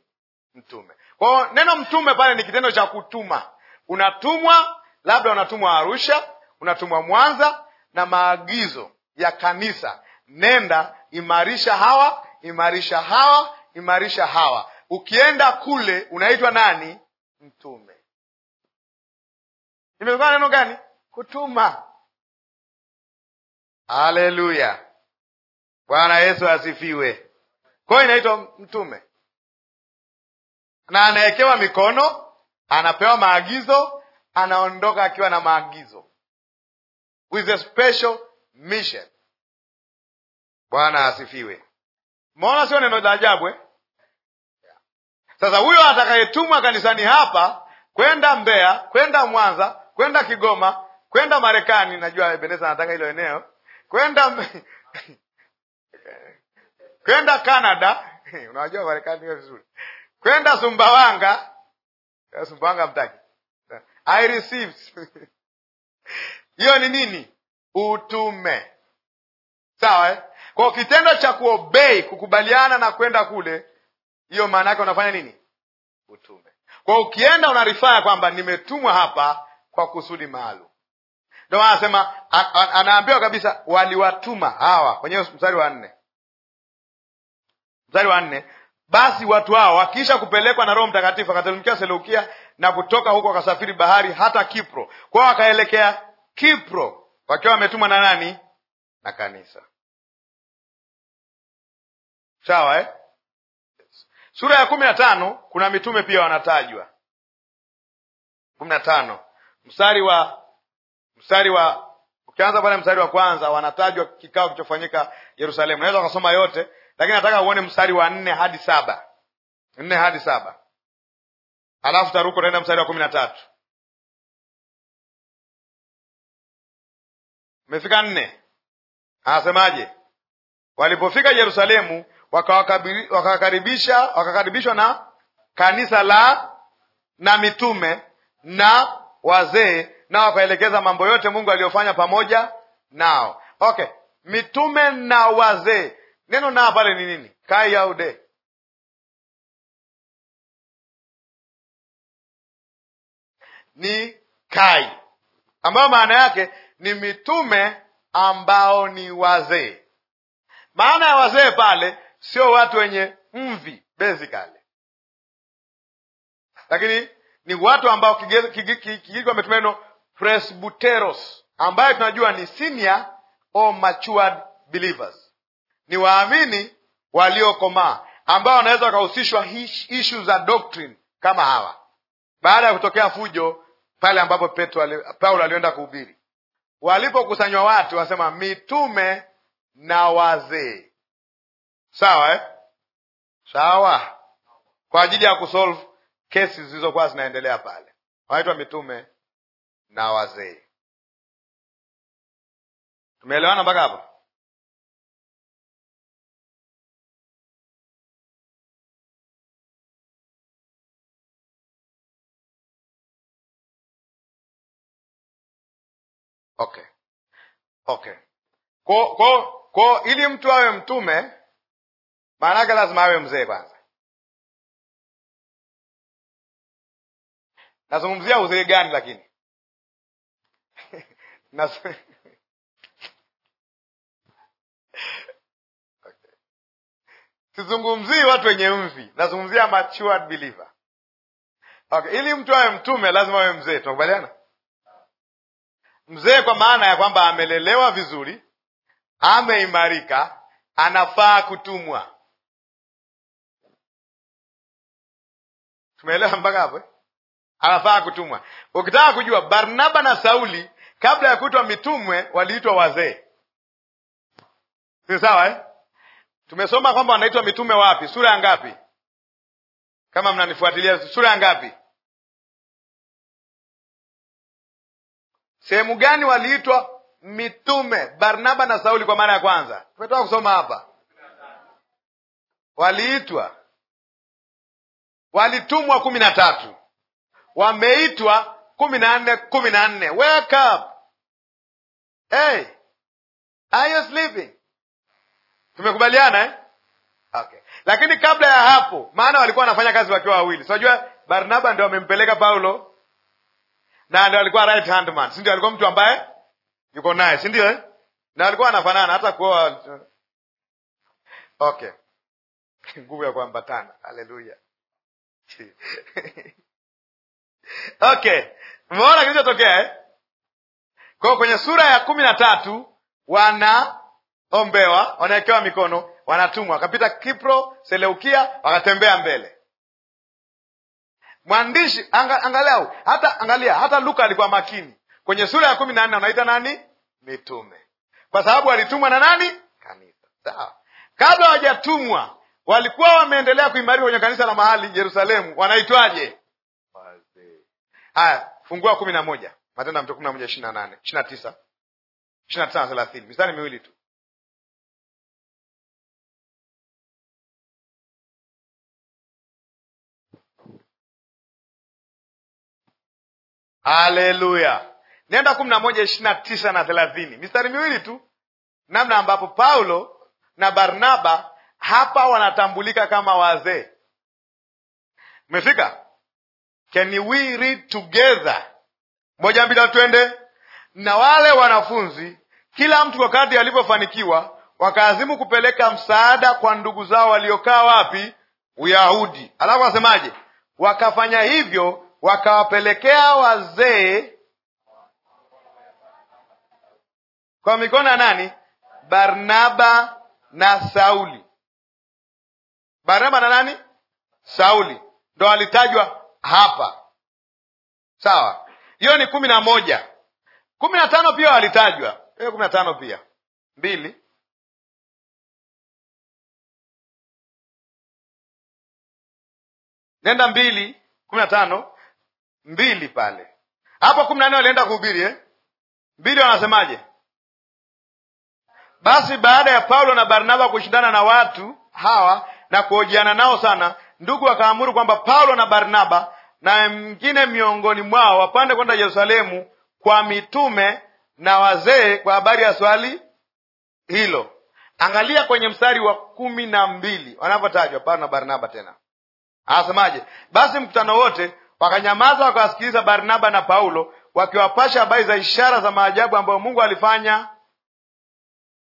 S2: Mtume. Kwao neno mtume pale ni kitendo cha kutuma. Unatumwa, labda unatumwa Arusha, unatumwa Mwanza, na maagizo ya kanisa, nenda imarisha hawa, imarisha hawa, imarisha hawa. Ukienda kule unaitwa nani? Mtume.
S1: Imetokana neno gani? Kutuma. Haleluya, Bwana Yesu asifiwe. Kwa hiyo inaitwa mtume na anawekewa
S2: mikono, anapewa maagizo, anaondoka akiwa na maagizo with a special mission. Bwana asifiwe. Maona sio neno la ajabu eh? Sasa huyo atakayetumwa kanisani hapa kwenda Mbeya, kwenda Mwanza, kwenda Kigoma, kwenda Marekani, najua Ebeneza anataka hilo eneo, kwenda (laughs) kwenda Canada (laughs) unawajua Marekani hiyo vizuri kwenda Sumbawanga. Eh, Sumbawanga mtaki I received (laughs) hiyo ni nini? Utume, sawa eh? Kwa kitendo cha kuobei, kukubaliana na kwenda kule, hiyo maana yake unafanya nini? Utume. Kwa ukienda unarifaa kwamba nimetumwa hapa kwa kusudi maalum. Ndio maana anasema anaambiwa kabisa, waliwatuma hawa kwenye mstari wa nne, mstari wa nne basi watu hao wakiisha kupelekwa na Roho Mtakatifu wakateremkia Seleukia na kutoka huko wakasafiri bahari hata Kipro. Kwao wakaelekea
S1: Kipro wakiwa wametumwa na nani?
S2: Na kanisa.
S1: Sawa eh? Sura ya kumi na tano kuna mitume pia
S2: wanatajwa. kumi na tano mstari wa mstari wa ukianza pale mstari wa kwanza wanatajwa kikao kilichofanyika Yerusalemu. Naweza wakasoma
S1: yote lakini nataka uone mstari wa nne hadi saba nne hadi saba alafu taruko utaenda mstari wa kumi na tatu mefika nne anasemaje? Walipofika
S2: Yerusalemu wakakaribishwa na kanisa la na mitume na wazee, nao wakaelekeza mambo yote Mungu aliyofanya pamoja nao. Okay, mitume na wazee Neno
S1: na pale ni nini? Kai au de? Ni kai, ambayo maana yake
S2: ni mitume ambao ni wazee. Maana ya wazee pale sio watu wenye mvi basically, lakini ni watu ambao Kigiriki wametumia neno presbuteros, ambayo tunajua ni senior or matured believers ni waamini waliokomaa ambao wanaweza wakahusishwa ishu za doctrine kama hawa, baada ya kutokea fujo pale ambapo Petro, Paulo alienda kuhubiri, walipokusanywa watu wasema mitume na wazee, sawa eh? Sawa, kwa ajili ya kusolve
S1: kesi zilizokuwa zinaendelea pale, wanaitwa mitume na wazee. Tumeelewana mpaka hapo? okay okay ko ko ko ili mtu awe mtume maanake lazima awe mzee kwanza. Nazungumzia uzee gani? Lakini (laughs) (laughs)
S2: sizungumzii watu wenye mvi, nazungumzia matured believer. Okay, ili mtu awe mtume lazima awe mzee, tunakubaliana? Mzee kwa maana ya kwamba amelelewa vizuri, ameimarika, anafaa
S1: kutumwa. Tumeelewa mpaka hapo? Eh? Anafaa kutumwa. Ukitaka kujua, Barnaba na Sauli kabla ya
S2: kuitwa mitumwe waliitwa wazee, si sawa eh?
S1: Tumesoma kwamba wanaitwa mitume wapi? Sura ya ngapi? Kama mnanifuatilia, sura ya ngapi? Sehemu gani
S2: waliitwa mitume Barnaba na Sauli kwa mara ya kwanza? Tumetoka kusoma hapa, waliitwa walitumwa kumi na tatu, wameitwa kumi na nne. Kumi na nne, wake up! Hey, are you sleeping? Tumekubaliana eh? Okay. Lakini kabla ya hapo, maana walikuwa wanafanya kazi wakiwa wawili, sinajua so, Barnaba ndio amempeleka Paulo na ndio alikuwa right hand man, si ndio? Alikuwa mtu ambaye yuko naye, si ndio? Eh? na alikuwa anafanana hata kuoa. Eh. Okay, (laughs) nguvu ya kuambatana. Haleluya! (laughs) Okay, umeona kilichotokea eh? Kwa kwenye sura ya kumi na tatu wanaombewa, wanawekewa mikono, wanatumwa. wakapita Kipro Seleukia, wakatembea mbele Mwandishi anga, angalau hata angalia hata Luka alikuwa makini kwenye sura ya kumi na nne anaita nani mitume, kwa sababu walitumwa na nani? Kanisa. Sawa, kabla hawajatumwa walikuwa wameendelea kuimarika kwenye kanisa la mahali Yerusalemu, wanaitwaje? Haya, fungua kumi na moja Matendo ya Mitume kumi na moja ishirini na nane ishirini na
S1: tisa ishirini na tisa na thelathini mistari miwili tu. Haleluya. Nenda kumi na moja ishirini na
S2: tisa na thelathini mistari miwili tu, namna ambapo Paulo na Barnaba hapa wanatambulika kama wazee. mefika Can we read together? Moja, mbili, twende. Na wale wanafunzi, kila mtu kwa kadri alivyofanikiwa, wakaazimu kupeleka msaada kwa ndugu zao waliokaa wapi? Uyahudi. Alafu wasemaje? Wakafanya hivyo wakawapelekea wazee kwa mikono ya nani? Barnaba na Sauli. Barnaba na nani? Sauli ndo alitajwa hapa, sawa. Hiyo ni kumi na moja. Kumi na tano pia
S1: walitajwa, hiyo kumi na tano pia mbili nenda mbili kumi na tano mbili pale hapo kumi na nne walienda kuhubiri eh? mbili
S2: wanasemaje? Basi baada ya Paulo na Barnaba kushindana na watu hawa na kuhojiana nao sana, ndugu wakaamuru kwamba Paulo na Barnaba na mngine miongoni mwao wapande kwenda Yerusalemu kwa mitume na wazee kwa habari ya swali hilo. Angalia kwenye mstari wa kumi na mbili wanavyotajwa Paulo na Barnaba tena, anasemaje? Basi mkutano wote Wakanyamaza wakawasikiliza Barnaba na Paulo wakiwapasha habari za ishara za maajabu ambayo Mungu alifanya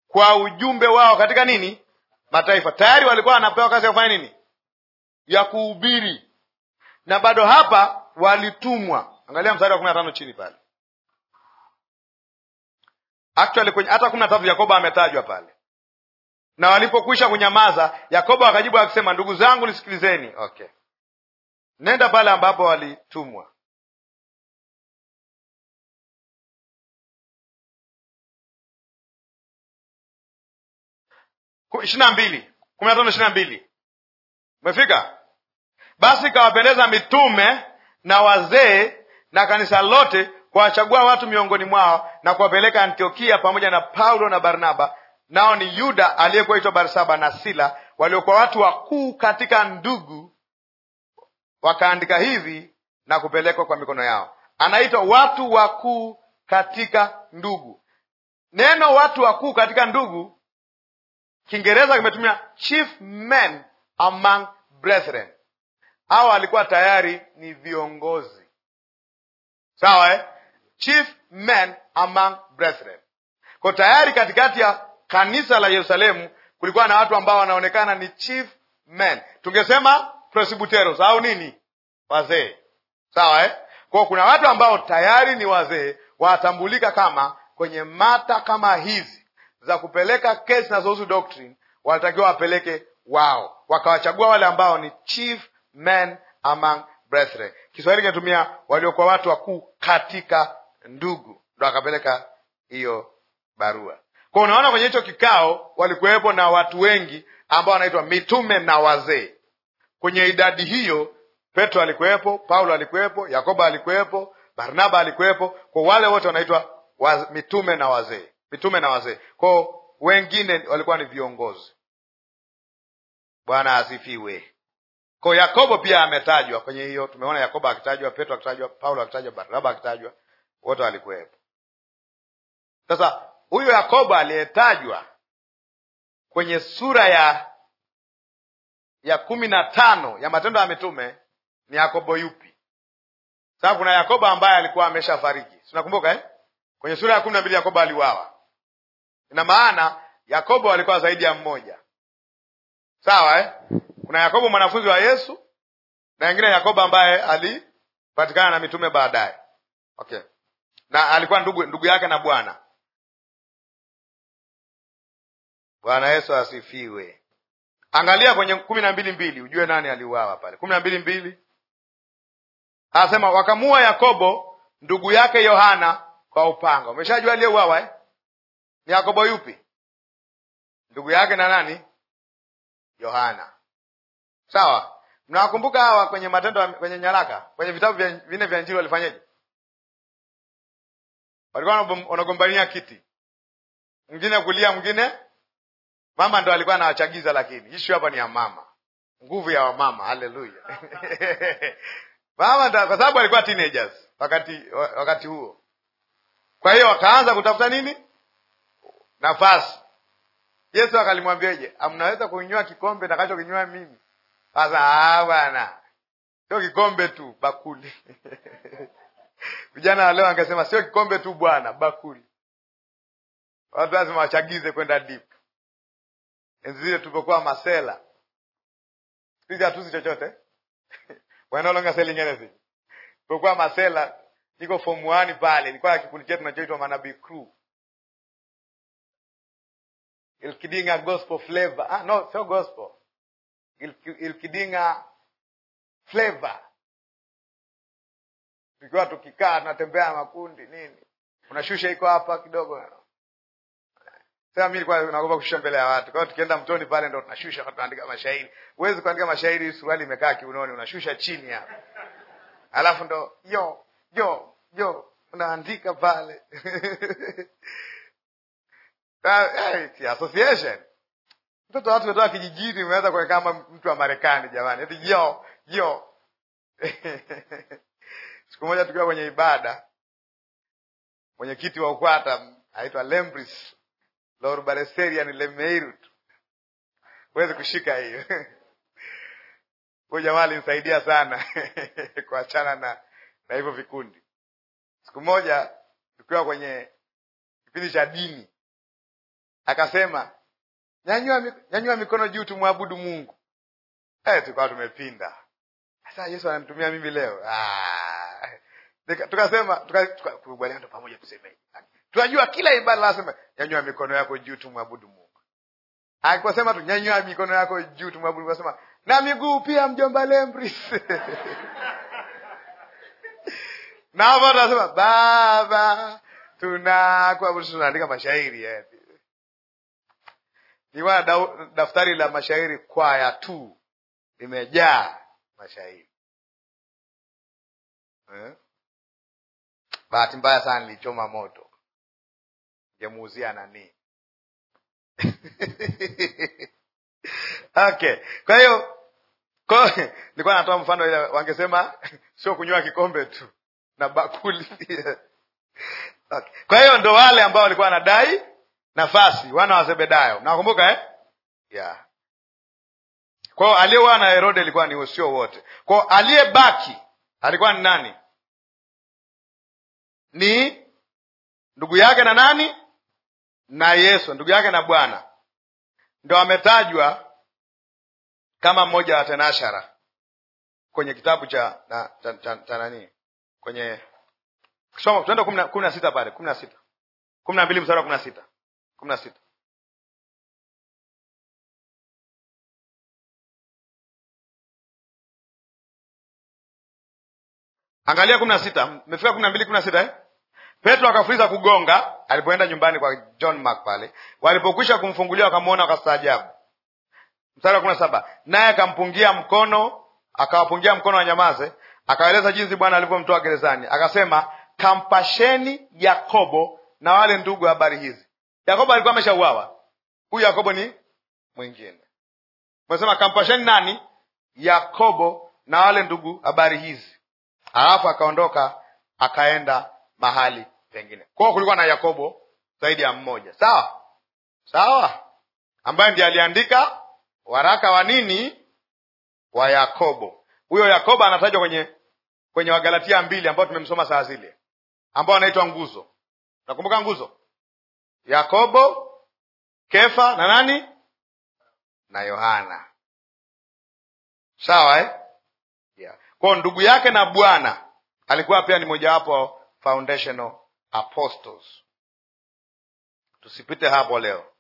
S2: kwa ujumbe wao katika nini mataifa. Tayari walikuwa wanapewa kazi ya kufanya nini, ya kuhubiri, na bado hapa walitumwa. Angalia mstari wa kumi na tano chini pale, actually kwenye hata kumi na tatu Yakobo ametajwa pale. Na walipokwisha
S1: kunyamaza, Yakobo akajibu akisema, ndugu zangu nisikilizeni. Okay, nenda pale ambapo walitumwa. ishirini na mbili kumi na tano ishirini na mbili umefika. Basi ikawapendeza mitume
S2: na wazee na kanisa lote kuwachagua watu miongoni mwao na kuwapeleka Antiokia pamoja na Paulo na Barnaba, nao ni Yuda aliyekuwa itwa Barsaba na Sila, waliokuwa watu wakuu katika ndugu wakaandika hivi na kupelekwa kwa mikono yao. Anaitwa watu wakuu katika ndugu. Neno watu wakuu katika ndugu, Kiingereza kimetumia chief men among brethren. Hawa walikuwa tayari ni viongozi, sawa eh? Chief men among brethren, kwa tayari katikati ya kanisa la Yerusalemu kulikuwa na watu ambao wanaonekana ni chief men, tungesema presbyteros au nini wazee, sawa eh? kwao kuna watu ambao tayari ni wazee watambulika kama kwenye mata kama hizi za kupeleka kesi nazohusu doctrine, wanatakiwa wapeleke wao, wakawachagua wale ambao ni chief men among brethren. Kiswahili kinatumia waliokuwa watu wakuu katika ndugu, ndo akapeleka hiyo barua kwa unaona, kwenye hicho kikao walikuwepo na watu wengi ambao wanaitwa mitume na wazee. Kwenye idadi hiyo Petro alikuwepo, Paulo alikuwepo, Yakobo alikuwepo, Barnaba alikuwepo. Kwa wale wote wanaitwa mitume na wazee, mitume na wazee. Kwao wengine walikuwa ni viongozi. Bwana asifiwe. Kwa Yakobo pia ametajwa kwenye hiyo, tumeona Yakobo akitajwa, Petro akitajwa, Paulo akitajwa, Barnaba akitajwa, wote walikuwepo. Sasa huyo Yakobo aliyetajwa kwenye sura ya ya kumi na tano ya Matendo ya Mitume ni Yakobo yupi? Sababu kuna Yakobo ambaye alikuwa ameshafariki, sinakumbuka eh? Kwenye sura ya kumi na mbili Yakobo aliuawa. Ina maana Yakobo alikuwa zaidi ya mmoja, sawa eh? Kuna Yakobo mwanafunzi wa Yesu na wengine Yakobo ambaye alipatikana
S1: na mitume baadaye, okay, na alikuwa ndugu, ndugu yake na Bwana. Bwana Yesu asifiwe. Angalia kwenye kumi na mbili mbili ujue nani aliuawa pale. kumi na mbili mbili
S2: Anasema wakamua Yakobo ndugu yake Yohana kwa upanga. Umeshajua aliyeuawa eh? Ni Yakobo yupi? Ndugu yake na nani? Yohana. Sawa, mnawakumbuka hawa kwenye Matendo, kwenye nyaraka, kwenye vitabu vinne vya Injili walifanyaje? Walikuwa wanagombania kiti, mwingine kulia, mwingine mama ndo alikuwa anawachagiza, lakini ishu hapa ni ya mama, nguvu ya wamama. Haleluya! (laughs) mama, kwa sababu walikuwa teenagers wakati wakati huo. Kwa hiyo wakaanza kutafuta nini, nafasi. Yesu akalimwambiaje, amnaweza kunywa kikombe kinywa mimi? Sasa ah, bwana, sio kikombe tu, bakuli (laughs) vijana leo angesema sio kikombe tu bwana, bakuli. Watu lazima wachagize kwenda deep. Enzi zile tulipokuwa masela, sisi hatuzi chochote (laughs) We're no longer selling anything. Tulikuwa masela, niko form 1 pale, nilikuwa ya kikundi chetu tunachoitwa Manabii Crew.
S1: Ilkidinga gospel flavor. Ah no, sio gospel. Ilkidinga flavor.
S2: Tukiwa tukikaa tunatembea makundi nini. Unashusha iko hapa kidogo. no. Sasa mimi nilikuwa naogopa kushusha mbele ya watu. Kwa hiyo tukienda mtoni pale ndo tunashusha kwa tunaandika mashairi. Huwezi kuandika mashairi suruali imekaa kiunoni, unashusha chini hapo. Alafu ndo yo yo yo unaandika pale. Hey, (laughs) ah, eh, it's association. Mtoto watu kutoka kijijini umeanza kuwa kama mtu wa Marekani jamani. Eti yo yo. (laughs) Siku moja tukiwa kwenye ibada mwenyekiti wa UKWATA aitwa Lembris Lord Balesteria ni Lemeiru tu, huwezi kushika hiyo (laughs) huyu jamaa alinisaidia sana (laughs) kuachana na na hivyo vikundi. Siku moja tukiwa kwenye kipindi cha dini, akasema nyanyua, nyanyua mikono juu tumwabudu Mungu. Eh, tukawa tumepinda. Sasa Yesu ananitumia mimi leo. Ah. Tukasema tukakubaliana tuka, pamoja tusemeje. Tunajua kila ibada lazima nyanyua mikono yako juu tumwabudu Mungu. Haikuwasema tu nyanyua mikono yako juu tumwabudu Mungu, asema na miguu pia, mjomba Lembris. (laughs) na hapo anasema Baba tunakuabudu, tunaandika mashairi eh. Niwa daftari la mashairi
S1: kwaya tu limejaa mashairi eh? Bahati mbaya sana nilichoma moto
S2: jamuuzia nani? (laughs) Okay, kwa hiyo (laughs) nilikuwa natoa mfano ile, wangesema (laughs) sio kunywa kikombe tu na bakuli Okay. Kwa hiyo ndo wale ambao walikuwa wanadai nafasi wana wa Zebedayo, nakumbuka eh? Yeah. Kwao aliyeuawa na Herode ilikuwa ni usio wote. Kwao aliyebaki alikuwa ni nani? Ni ndugu yake na nani? na Yesu ndugu yake na Bwana, ndo ametajwa kama mmoja wa tenashara kwenye kitabu cha na, cha, cha,
S1: cha nani kwenye soma, tuenda kumi na sita pale, kumi na sita kumi na mbili mstari wa kumi na sita kumi na sita Angalia kumi na sita mmefika kumi na mbili kumi na sita eh? Petro akafuliza kugonga alipoenda
S2: nyumbani kwa John Mark pale. Walipokwisha kumfungulia wakamwona wakastaajabu. Mstari wa kumi na saba, naye akampungia mkono, akawapungia mkono wanyamaze, akaeleza jinsi Bwana alivyomtoa gerezani, akasema kampasheni Yakobo na wale ndugu habari hizi. Yakobo alikuwa ameshauawa, huyu Yakobo ni mwingine. Mesema kampasheni nani? Yakobo na wale ndugu habari hizi. Alafu akaondoka akaenda mahali pengine. Kwao kulikuwa na Yakobo zaidi ya mmoja, sawa sawa, ambaye ndiye aliandika waraka wa nini wa Yakobo. Huyo Yakobo anatajwa kwenye kwenye Wagalatia mbili ambao tumemsoma saa zile, ambao anaitwa nguzo. Nakumbuka nguzo,
S1: Yakobo, Kefa na nani na Yohana, sawa eh? yeah. Kwao ndugu yake na
S2: Bwana alikuwa pia ni mojawapo foundational apostles. Tusipite hapo leo.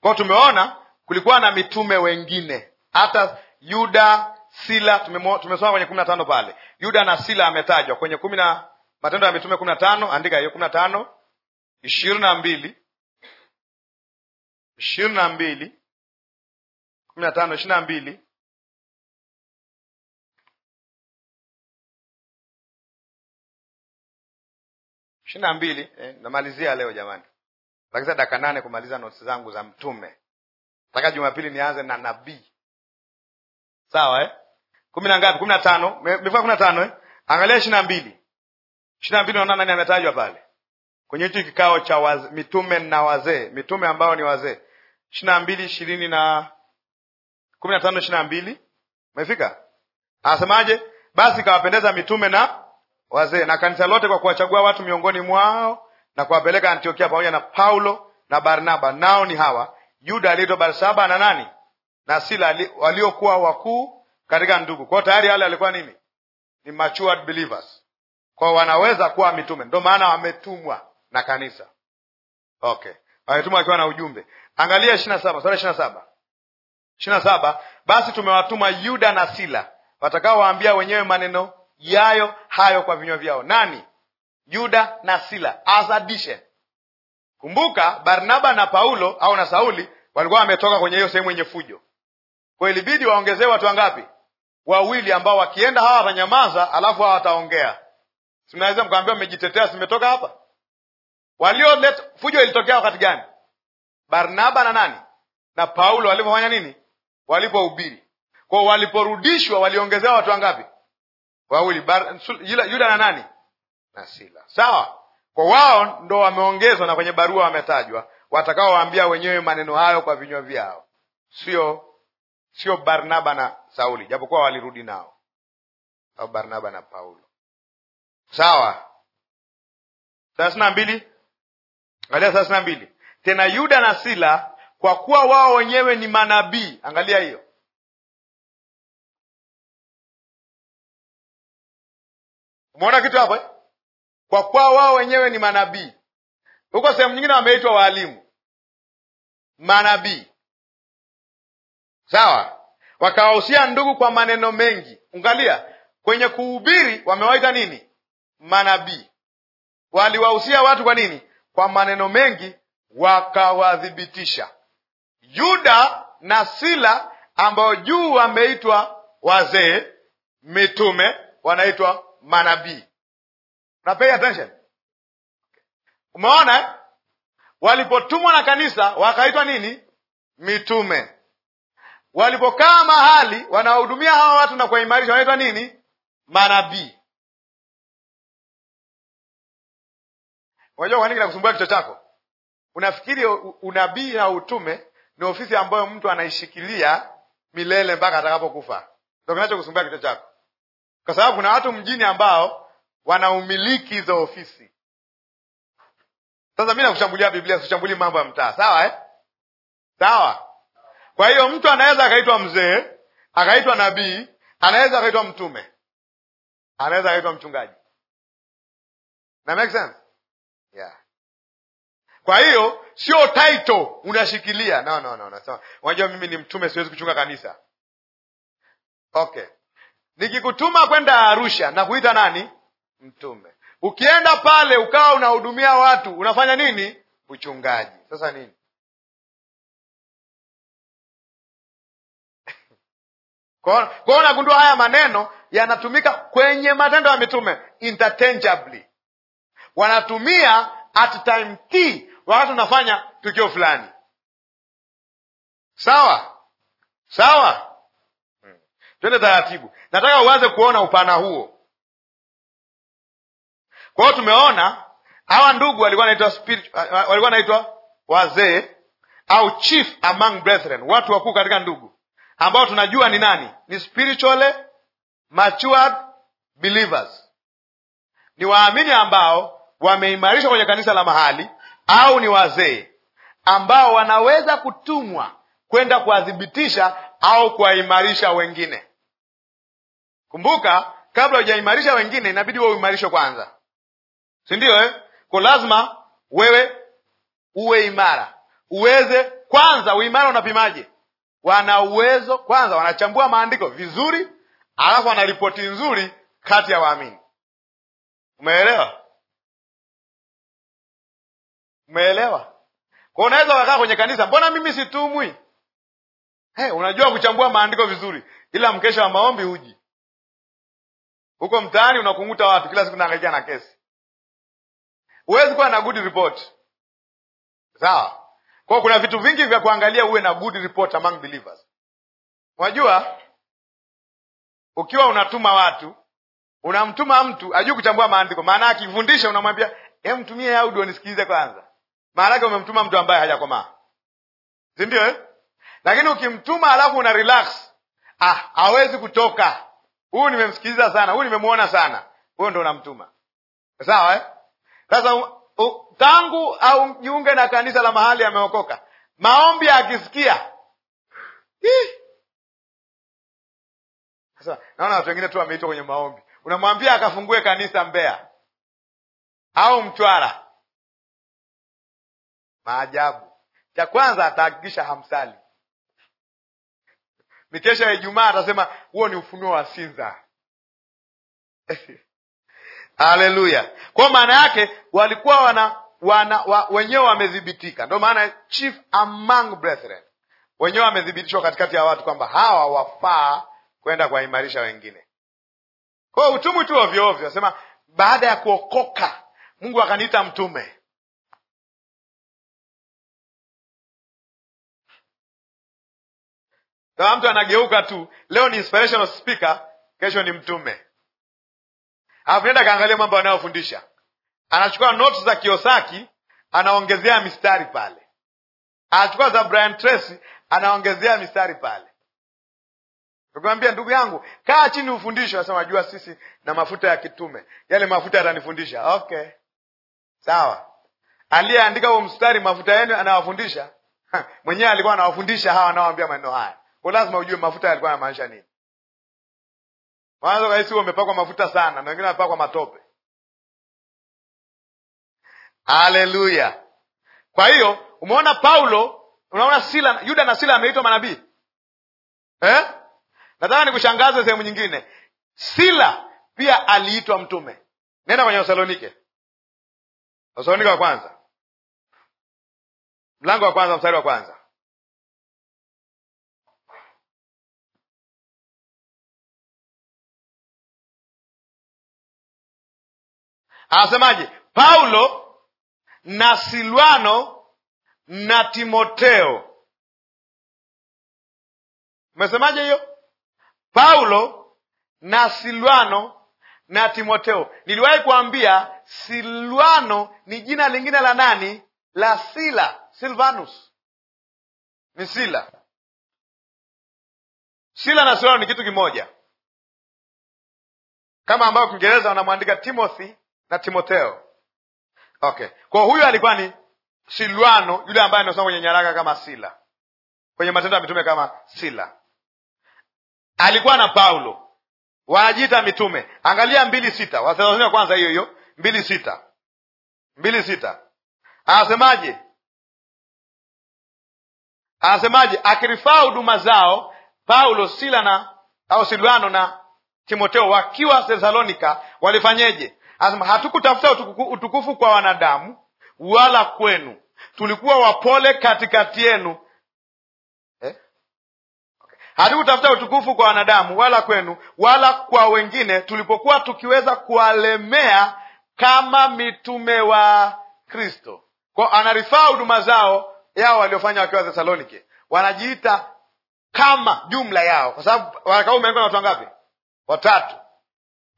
S2: Kwa tumeona kulikuwa na mitume wengine, hata Yuda, Sila tumesoma kwenye kumi na tano pale. Yuda na Sila ametajwa kwenye kumi na Matendo ya Mitume kumi na tano. Andika hiyo kumi na tano ishirini
S1: na mbili ishirini na mbili kumi na tano ishirini na mbili ishirini na mbili eh, namalizia leo
S2: jamani, takiza dakika nane kumaliza notisi zangu za mtume. Nataka Jumapili nianze na nabii, sawa eh? kumi na ngapi? kumi na tano mefika kumi na tano eh? Angalia ishirini na mbili ishirini na mbili naona nani ametajwa pale kwenye hichi kikao cha waz, mitume na wazee, mitume ambao ni wazee. ishirini na mbili ishirini na kumi na tano ishirini na mbili umefika, anasemaje? Basi ikawapendeza mitume na wazee na kanisa lote kwa kuwachagua watu miongoni mwao na kuwapeleka Antiokia pamoja na Paulo na Barnaba, nao ni hawa Yuda aliyeitwa Barsaba na nani na Sila waliokuwa wakuu katika ndugu. Kwao tayari wale walikuwa nini? Ni matured believers, kwao wanaweza kuwa mitume. ndio maana wametumwa na kanisa, okay, wametumwa wakiwa na ujumbe. Angalia ishirini na saba sura ishirini na saba ishirini na saba basi tumewatuma Yuda na Sila watakaowaambia wenyewe maneno yayo hayo kwa vinywa vyao. Nani? Yuda na Sila as Kumbuka Barnaba na Paulo au na Sauli walikuwa wametoka kwenye hiyo sehemu yenye fujo, kwa ilibidi waongezee watu wangapi? Wawili, ambao wakienda hawa watanyamaza, alafu hawa wataongea. Simnaweza mkaambia mmejitetea, simetoka hapa. Walioleta fujo ilitokea wakati gani? Barnaba na nani na Paulo walipofanya nini? Walipohubiri kwao, waliporudishwa, waliongezewa watu wangapi? Yuda na nani na Sila, sawa. Kwa wao ndo wameongezwa na kwenye barua wametajwa, watakaowaambia wenyewe maneno hayo kwa vinywa vyao, sio sio Barnaba na Sauli, japokuwa walirudi nao, au Barnaba na Paulo, sawa. thelathini na mbili
S1: angalia thelathini na mbili tena Yuda na Sila, kwa kuwa wao wenyewe ni manabii, angalia hiyo Umeona kitu hapo eh? Kwa kuwa wao wenyewe ni manabii. Huko sehemu nyingine wameitwa waalimu, manabii.
S2: Sawa, wakawahusia ndugu kwa maneno mengi. Ungalia kwenye kuhubiri, wamewaita nini? Manabii. Waliwahusia watu kwa nini? Kwa maneno mengi, wakawathibitisha. Yuda na Sila ambao juu wameitwa wazee mitume, wanaitwa manabii. Na pay attention, umeona eh? Walipotumwa na kanisa wakaitwa nini? Mitume.
S1: Walipokaa mahali wanawahudumia hawa watu na kuwaimarisha wanaitwa nini? Manabii. Unajua kwa nini nakusumbua kichwa chako?
S2: Unafikiri unabii na utume ni ofisi ambayo mtu anaishikilia milele mpaka atakapokufa? Ndio kinachokusumbua kichwa chako kwa sababu kuna watu mjini ambao wanaumiliki hizo ofisi. Sasa mi nakushambulia Biblia, sishambuli mambo ya mtaa, sawa eh? Sawa. Kwa hiyo mtu anaweza akaitwa mzee, akaitwa nabii, anaweza akaitwa mtume, anaweza akaitwa mchungaji. Na make sense? Yeah. Kwa hiyo sio title unashikilia. No, no, no, no. Unajua mimi ni mtume, siwezi kuchunga kanisa. Okay, nikikutuma kwenda Arusha na kuita nani mtume, ukienda pale ukawa unahudumia watu unafanya nini?
S1: Uchungaji. Sasa nini? (laughs) Kwa hiyo unagundua haya maneno yanatumika kwenye matendo
S2: ya mitume interchangeably, wanatumia at time t, wakati unafanya tukio fulani. Sawa sawa twende taratibu, nataka uanze kuona upana huo. Kwa hiyo tumeona hawa ndugu walikuwa naitwa spirit, walikuwa naitwa wazee au chief among brethren, watu wakuu katika ndugu, ambao tunajua ni nani, ni spiritually matured believers, ni waamini ambao wameimarishwa kwenye kanisa la mahali, au ni wazee ambao wanaweza kutumwa kwenda kuwathibitisha au kuwaimarisha wengine. Kumbuka, kabla hujaimarisha wengine inabidi wewe uimarishwe kwanza, si ndio eh? Kwa lazima wewe uwe imara, uweze kwanza. Uimara unapimaje? Wana uwezo kwanza, wanachambua maandiko vizuri, alafu wana ripoti nzuri kati ya waamini.
S1: Umeelewa? Umeelewa? Kwa unaweza wakaa kwenye kanisa, mbona mimi situmwi? Hey, unajua
S2: kuchambua maandiko vizuri, ila mkesha wa maombi huji huko mtaani unakunguta watu kila siku, naangalia na kesi, huwezi kuwa na good report, sawa? Kwa kuna vitu vingi vya kuangalia uwe na good report among believers. Unajua, ukiwa unatuma watu, unamtuma mtu ajui kuchambua maandiko, maana akifundisha unamwambia hem, mtumie audio nisikilize kwanza, maana yake umemtuma mtu ambaye hajakomaa, si ndio eh? Lakini ukimtuma alafu una relax, ah, hawezi kutoka huyu nimemsikiliza sana, huyu nimemwona sana, huyo ndo unamtuma. Sawa eh? Sasa tangu au mjiunge na kanisa la mahali ameokoka, maombi akisikia.
S1: Sasa naona watu wengine tu wameitwa kwenye maombi, unamwambia akafungue kanisa Mbeya au Mtwara.
S2: Maajabu. Cha kwanza atahakikisha hamsali ni kesha ya Ijumaa atasema huo ni ufunuo wa Sinza. (laughs) Haleluya! Kwa maana yake walikuwa wana, wana wa, wenyewe wamethibitika. Ndio maana chief among brethren, wenyewe wamethibitishwa katikati ya watu kwamba hawa wafaa kwenda kuwaimarisha wengine. Kwa utumwi tu ovyo
S1: ovyo, asema baada ya kuokoka Mungu akaniita mtume Kama mtu anageuka tu, leo ni inspirational speaker, kesho ni mtume,
S2: alafu nenda kaangalia mambo anayofundisha. Anachukua notes za Kiyosaki anaongezea mistari pale, anachukua za Brian Tracy anaongezea mistari pale. Tukamwambia ndugu yangu, kaa chini ufundishwe. Anasema jua sisi na mafuta ya kitume, yale mafuta yatanifundisha. Okay, sawa. Aliyeandika huo mstari mafuta yenu anawafundisha (laughs) mwenyewe alikuwa anawafundisha hawa anaoambia maneno haya. Kwa lazima ujue mafuta yalikuwa yanamaanisha nini. Mwanzo kahisi huo umepakwa mafuta sana na wengine wamepakwa matope. Haleluya! Kwa hiyo umeona Paulo, unaona Sila, Yuda na Sila ameitwa manabii eh? Nataka nikushangaze sehemu nyingine, Sila pia aliitwa
S1: mtume. Nenda kwenye Wasalonike, Wasalonike wa kwanza mlango wa kwanza mstari wa kwanza anasemaje? Paulo na Silwano na Timoteo.
S2: Umesemaje hiyo? Paulo na Silwano na Timoteo. Niliwahi kuambia Silwano ni jina lingine la nani? La
S1: Sila. Silvanus ni Sila. Sila na Silwano ni kitu kimoja, kama ambavyo Kiingereza
S2: wanamwandika Timothy na Timotheo. Okay, kwa huyu alikuwa ni Silwano yule ambaye anasoma kwenye nyaraka kama Sila, kwenye Matendo ya Mitume kama Sila, alikuwa na Paulo, wanajiita mitume. Angalia mbili sita wa kwanza, hiyo hiyo mbili sita mbili sita anasemaje? Anasemaje? akirifaa huduma zao Paulo, Sila na au Silwano na Timoteo wakiwa Thesalonika walifanyeje? Anasema hatukutafuta utukufu, utukufu kwa wanadamu wala kwenu, tulikuwa wapole katikati yenu eh? hatukutafuta utukufu kwa wanadamu wala kwenu wala kwa wengine, tulipokuwa tukiweza kuwalemea kama mitume wa Kristo. Kwa anarifaa huduma zao yao waliofanya wakiwa Thesalonike, wanajiita kama jumla yao, kwa sababu waraka huu umeandikwa na watu wangapi? Watatu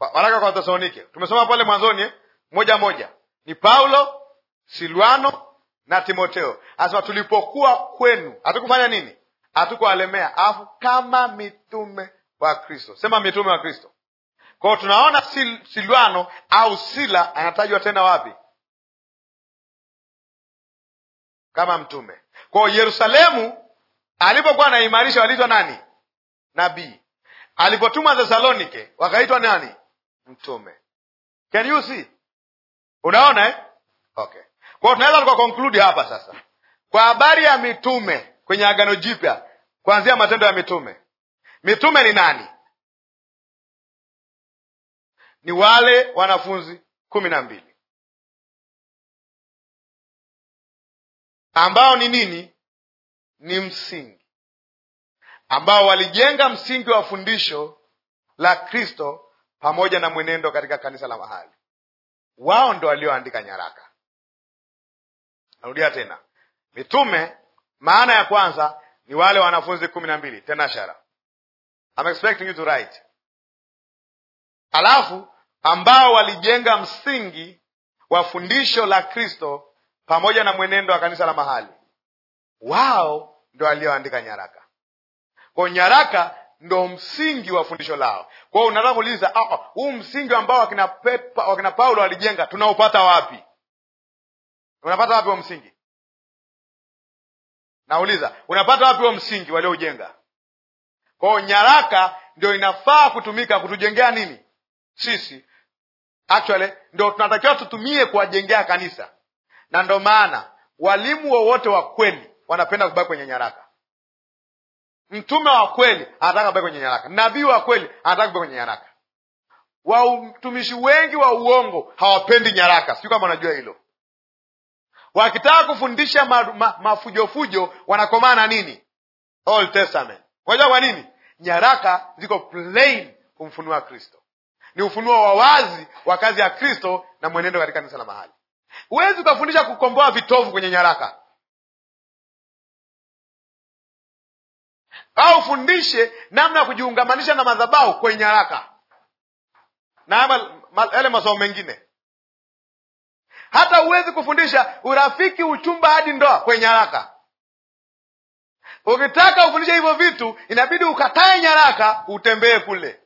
S2: waraka kwa Wathesalonike tumesoma pale mwanzoni eh? moja moja ni Paulo, Silwano na Timoteo. Anasema tulipokuwa kwenu hatukufanya nini? Hatukuwalemea, alafu kama mitume wa Kristo. Sema mitume wa Kristo. Kwao tunaona sil, Silwano au Sila anatajwa tena wapi? Kama mtume. Kwao Yerusalemu alipokuwa anaimarisha waliitwa nani? Nabii. Alipotumwa Thesalonike wakaitwa nani? mtume. Can you see? Unaona eh? Okay, kwao tunaweza tuka conclude hapa sasa kwa habari ya mitume kwenye Agano Jipya, kuanzia Matendo ya Mitume.
S1: Mitume ni nani? Ni wale wanafunzi kumi na mbili ambao ni nini? Ni msingi ambao
S2: walijenga msingi wa fundisho la Kristo pamoja na mwenendo katika kanisa la mahali. Wao ndo walioandika nyaraka. Narudia tena, mitume maana ya kwanza ni wale wanafunzi kumi na mbili shara. I'm expecting you to write, alafu ambao walijenga msingi wa fundisho la Kristo pamoja na mwenendo wa kanisa la mahali. Wao ndo walioandika nyaraka. Kwa nyaraka ndo msingi wa fundisho lao. Kwa hiyo unataka kuuliza ah, ah, huu msingi ambao wakina, wakina Paulo walijenga tunaupata wapi? Unapata wapi huo msingi? Nauliza, unapata wapi huo msingi walioujenga? Kwa hiyo nyaraka ndio inafaa kutumika kutujengea nini sisi, actually ndo tunatakiwa tutumie kuwajengea kanisa, na ndo maana walimu wowote wa kweli wanapenda kubaki kwenye nyaraka. Mtume wa kweli anataka kubaki kwenye nyaraka, nabii wa kweli anataka kubaki kwenye nyaraka. Watumishi wengi wa uongo hawapendi nyaraka, sijui kama wanajua hilo. Wakitaka kufundisha mafujofujo ma, ma wanakomana nini? Old Testament. Unajua kwa nini? Nyaraka ziko plain kumfunua Kristo, ni ufunuo wa wazi wa kazi ya Kristo na mwenendo katika kanisa la mahali. Huwezi ukafundisha kukomboa vitovu kwenye
S1: nyaraka. au fundishe namna ya kujiungamanisha na madhabahu kwenye haraka na
S2: yale masomo mengine. Hata huwezi kufundisha urafiki, uchumba hadi ndoa kwenye haraka. Ukitaka ufundishe hivyo vitu, inabidi ukatae nyaraka, utembee kule.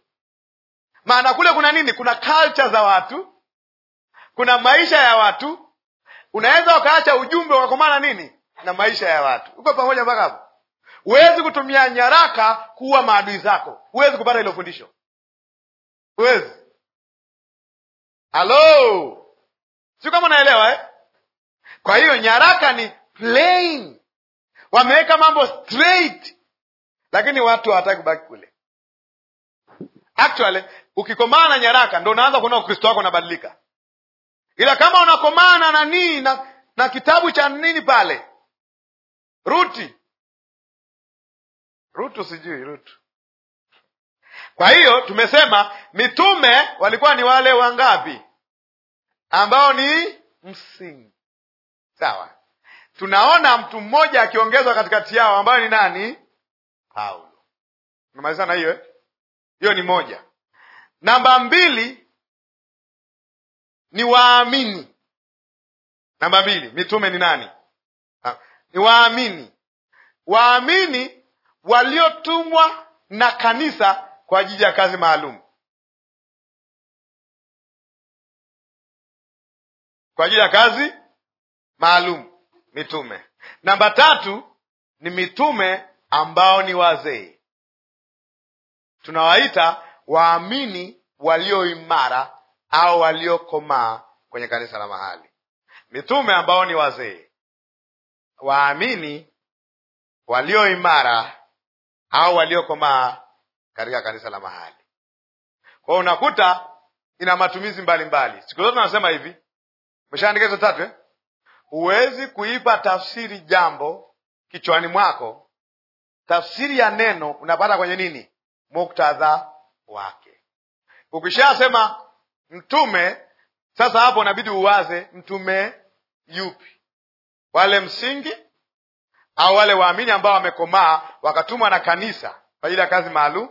S2: Maana kule kuna nini? Kuna culture za watu, kuna maisha ya watu. Unaweza ukaacha ujumbe ukakomana nini na maisha ya watu. Uko pamoja mpaka hapo? huwezi kutumia nyaraka kuwa maadui zako. Huwezi kupata hilo fundisho, huwezi. Halo, si kama unaelewa eh? Kwa hiyo nyaraka ni plain, wameweka mambo straight, lakini watu hawataki kubaki kule. Actually, ukikomana na nyaraka ndo unaanza kuona ukristo wako unabadilika, ila kama unakomana na nini na, na kitabu cha nini pale Ruti Rutu sijui Rutu. Kwa hiyo tumesema mitume walikuwa ni wale wangapi ambao ni msingi, sawa? Tunaona mtu mmoja akiongezwa katikati yao ambayo ni nani? Paulo. Unamaliza na hiyo eh? Hiyo ni moja. Namba mbili ni waamini. Namba mbili, mitume ni nani? Ni waamini. Waamini waliotumwa
S1: na kanisa kwa ajili ya kazi maalum, kwa ajili ya kazi maalum,
S2: mitume. Namba tatu ni mitume ambao ni wazee, tunawaita waamini walioimara au waliokomaa kwenye kanisa la mahali. Mitume ambao ni wazee, waamini walioimara au waliokomaa katika kanisa la mahali. Kwa hiyo unakuta ina matumizi mbalimbali. Siku zote nasema hivi, umeshaandika hizo tatu eh? Huwezi kuipa tafsiri jambo kichwani mwako. Tafsiri ya neno unapata kwenye nini? Muktadha wake. Ukishasema mtume, sasa hapo unabidi uwaze mtume yupi, wale msingi au wale waamini ambao wamekomaa wakatumwa na kanisa kwa ajili ya kazi maalum,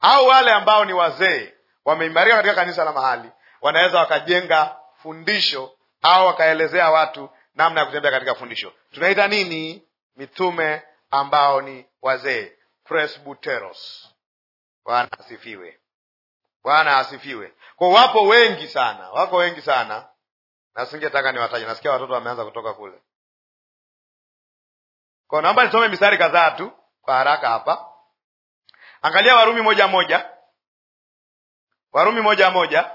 S2: au wale ambao ni wazee wameimarika katika kanisa la mahali, wanaweza wakajenga fundisho au wakaelezea watu namna ya kutembea katika fundisho. Tunaita nini? Mitume ambao ni wazee, presbuteros. Bwana asifiwe, Bwana asifiwe. Kwa wapo wengi sana, wako wengi sana, nasingetaka niwataje, nasikia watoto wameanza kutoka kule kwa naomba nisome mistari kadhaa tu kwa haraka hapa. Angalia Warumi moja moja, Warumi moja moja.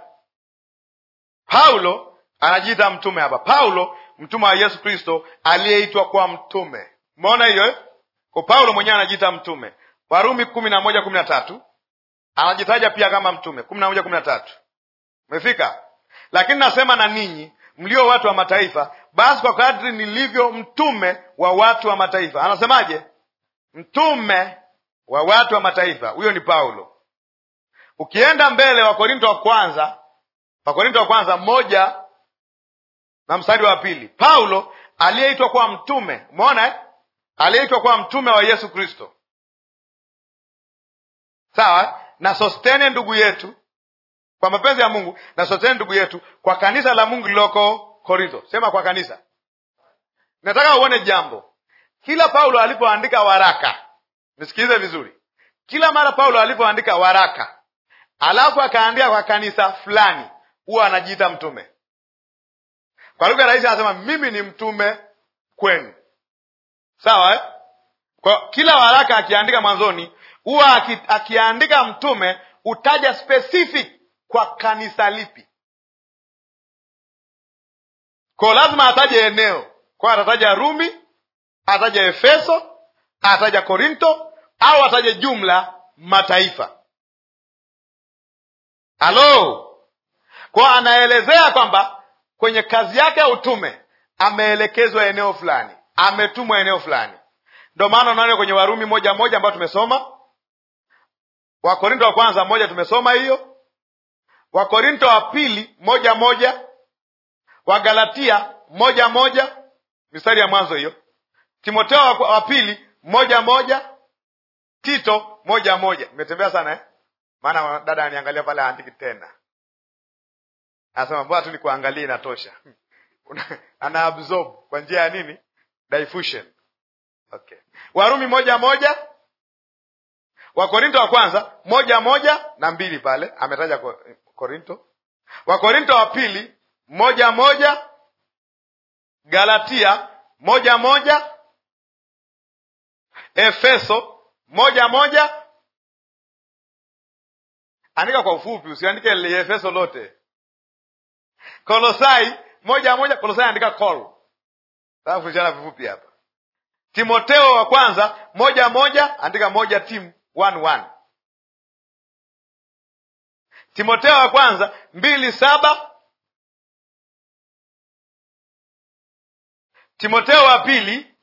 S2: Paulo anajiita mtume hapa, Paulo mtume wa Yesu Kristo aliyeitwa kwa mtume. Umeona hiyo eh? Kwa Paulo mwenyewe anajiita mtume. Warumi kumi na moja kumi na tatu anajitaja pia kama mtume, kumi na moja kumi na tatu umefika. Lakini nasema na ninyi mlio watu wa mataifa, basi kwa kadri nilivyo mtume wa watu wa mataifa. Anasemaje? Mtume wa watu wa mataifa, huyo ni Paulo. Ukienda mbele, Wakorinto wa kwanza, Wakorinto wa kwanza moja na mstari wa pili, Paulo aliyeitwa kuwa mtume, umeona eh? aliyeitwa kuwa mtume wa Yesu Kristo, sawa na Sostene ndugu yetu kwa mapenzi ya Mungu na sote ndugu yetu kwa kanisa la Mungu liloko Korintho. Sema kwa kanisa. Nataka uone jambo. Kila Paulo alipoandika waraka, nisikilize vizuri. Kila mara Paulo alipoandika waraka, alafu akaandika kwa kanisa fulani, huwa anajiita mtume. Kwa lugha rahisi, anasema mimi ni mtume kwenu, sawa eh? Kwa kila waraka akiandika mwanzoni, huwa akiandika mtume, utaja specific kwa kanisa lipi? Kwa lazima ataje eneo, kwa atataja Rumi, ataja Efeso, ataja Korinto au ataje jumla mataifa. Halo, kwa anaelezea kwamba kwenye kazi yake ya utume ameelekezwa eneo fulani, ametumwa eneo fulani. Ndio maana unaona kwenye Warumi moja moja ambayo tumesoma, Wakorinto wa kwanza moja tumesoma hiyo Wakorinto wa pili moja moja, Wagalatia moja moja, mistari ya mwanzo hiyo, Timoteo wa pili moja moja, Tito moja moja. Nimetembea sana eh? Maana dada aniangalia pale aandiki tena, anasema bwana tu nikuangalie inatosha. (laughs) ana absorb kwa njia ya nini? Diffusion. Okay. Warumi moja moja, Wakorinto wa kwanza moja moja na mbili pale ametaja kwa Wakorinto, Wakorinto wa pili moja moja, Galatia
S1: moja moja,
S2: Efeso moja moja.
S1: Andika kwa ufupi, usiandike Efeso lote. Kolosai moja moja, Kolosai andika kol, tafundishana
S2: vifupi hapa. Timoteo wa kwanza moja moja, andika moja timu one
S1: one timoteo wa kwanza mbili saba timoteo wa pili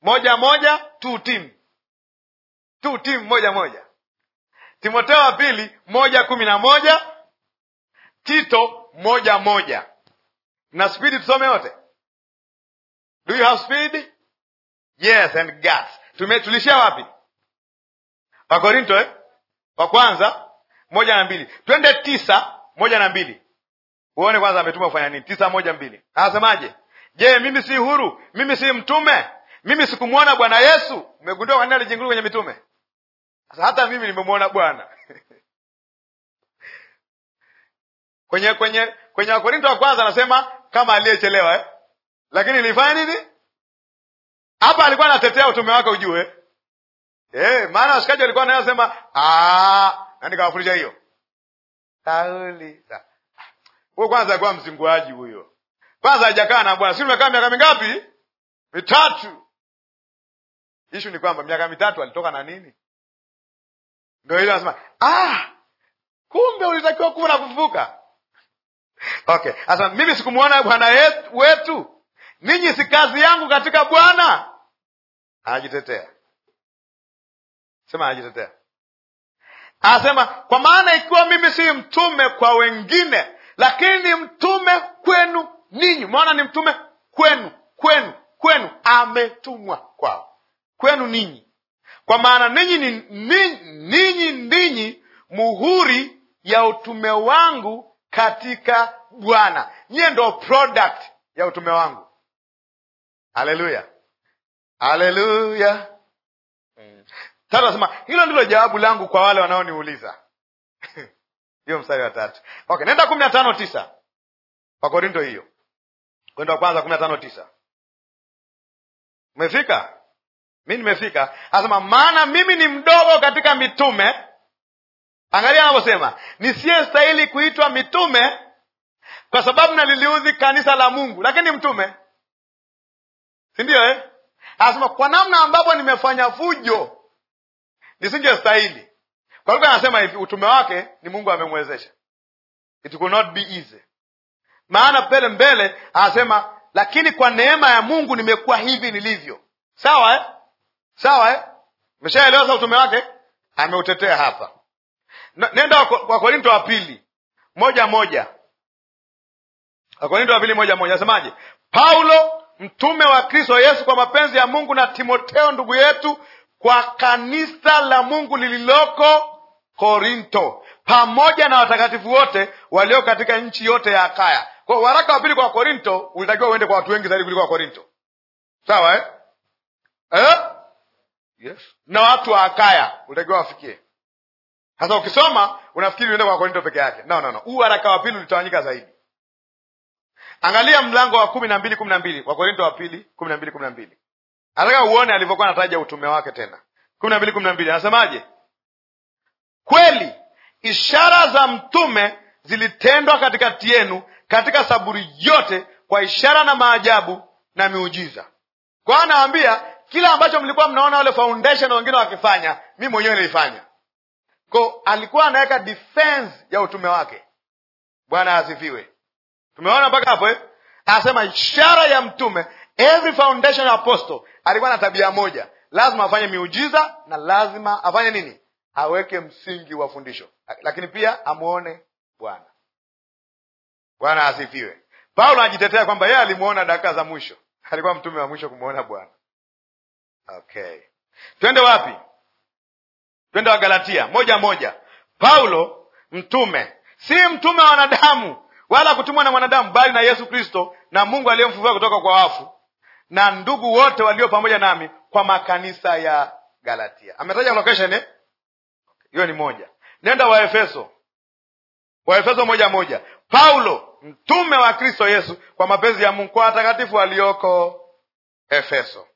S1: moja moja tu tim tu tim moja moja timoteo wa
S2: pili moja kumi na moja Tito moja moja na spidi tusome wote. Do you have speed? Yes and gas. tulishia wapi? Wakorinto eh? wa kwanza moja na mbili twende tisa moja na mbili uone kwanza ametuma kufanya nini. Tisa moja mbili anasemaje? Je, mimi si huru? Mimi si mtume? Mimi sikumwona Bwana Yesu? Umegundua kwa nini kwenye mitume? Sasa hata mimi nimemwona Bwana (laughs) kwenye kwenye kwenye Wakorinto wa kwanza anasema kama aliyechelewa eh? Lakini nilifanya nini hapa? Alikuwa anatetea utume wake, ujue eh, maana washikaji walikuwa wanayosema ah, na nikawafundisha hiyo kauli. Huyo kwanza alikuwa mzinguaji huyo, kwanza hajakaa na Bwana. Si tumekaa miaka mingapi? Mitatu. Ishu ni kwamba miaka mitatu alitoka na nini? Ndio ile anasema ah, kumbe ulitakiwa kuwa na kuvuka. Okay, sasa mimi sikumuona Bwana wetu, ninyi si kazi yangu katika Bwana? Anajitetea Sema anajitetea, anasema kwa maana ikiwa mimi si mtume kwa wengine, lakini ni mtume kwenu ninyi. Maana ni mtume kwenu, kwenu, kwenu, ametumwa kwao, kwenu ninyi, kwa maana ninyi ninyi, ninyi ndinyi muhuri ya utume wangu katika Bwana. Nyiye ndo product ya utume wangu. Haleluya, haleluya. Mm tatu anasema hilo ndilo jawabu langu kwa wale wanaoniuliza (laughs) hiyo mstari wa tatu. Okay, nenda kumi na tano tisa hiyo kwenda wa kwanza kumi na tano tisa Umefika? mi nimefika. Anasema maana mimi ni mdogo katika mitume, angalia anavyosema, stahili kuitwa mitume kwa sababu naliliudhi kanisa la Mungu, lakini mtume, si ndio eh? Anasema kwa namna ambapo nimefanya fujo nisingestahili. Kwa lugha anasema hivi, utume wake ni Mungu amemwezesha, it could not be easy. Maana pele mbele anasema lakini kwa neema ya Mungu nimekuwa hivi nilivyo. Sawa eh? Sawa eh? Meshaelewa sasa utume wake ameutetea hapa. Nenda kwa Korinto wa pili moja moja, Wakorinto wa pili moja moja, nasemaje? Paulo mtume wa Kristo Yesu kwa mapenzi ya Mungu na Timoteo ndugu yetu kwa kanisa la Mungu lililoko Korinto, pamoja na watakatifu wote walio katika nchi yote ya Akaya. Kwa waraka wa pili kwa Korinto ulitakiwa uende kwa watu wengi zaidi kuliko wa Korinto, sawa eh? Eh? Yes. na watu wa Akaya ulitakiwa wafikie. Sasa ukisoma unafikiri uende kwa Korinto peke yake. No, no, no, huu waraka wa pili ulitawanyika zaidi. Angalia mlango wa kumi na mbili kumi na mbili wa Korinto wa pili kumi na mbili kumi na mbili Nataka uone alivyokuwa anataja utume wake tena. kumi na mbili kumi na mbili anasemaje? Kweli ishara za mtume zilitendwa katikati yenu katika saburi yote, kwa ishara na maajabu na miujiza. Kwa anawambia kila ambacho mlikuwa mnaona wale foundation wengine wakifanya, mi mwenyewe nilifanya. Ko alikuwa anaweka defense ya utume wake. Bwana asifiwe. Tumeona mpaka hapo eh? Anasema ishara ya mtume Every foundation apostle alikuwa na tabia moja, lazima afanye miujiza na lazima afanye nini? Aweke msingi wa fundisho, lakini pia amuone Bwana. Bwana asifiwe. Paulo anajitetea kwamba yeye alimwona dakika za mwisho, alikuwa mtume wa mwisho kumwona Bwana. Okay, twende wapi? Twende Galatia moja moja. Paulo mtume, si mtume wa wanadamu wala kutumwa na mwanadamu, bali na Yesu Kristo na Mungu aliyemfufua kutoka kwa wafu, na ndugu wote walio pamoja nami kwa makanisa ya Galatia. Ametaja location eh? Hiyo ni moja. Nenda Waefeso, Waefeso moja moja. Paulo mtume wa Kristo Yesu
S1: kwa mapenzi ya Mungu kwa watakatifu walioko Efeso.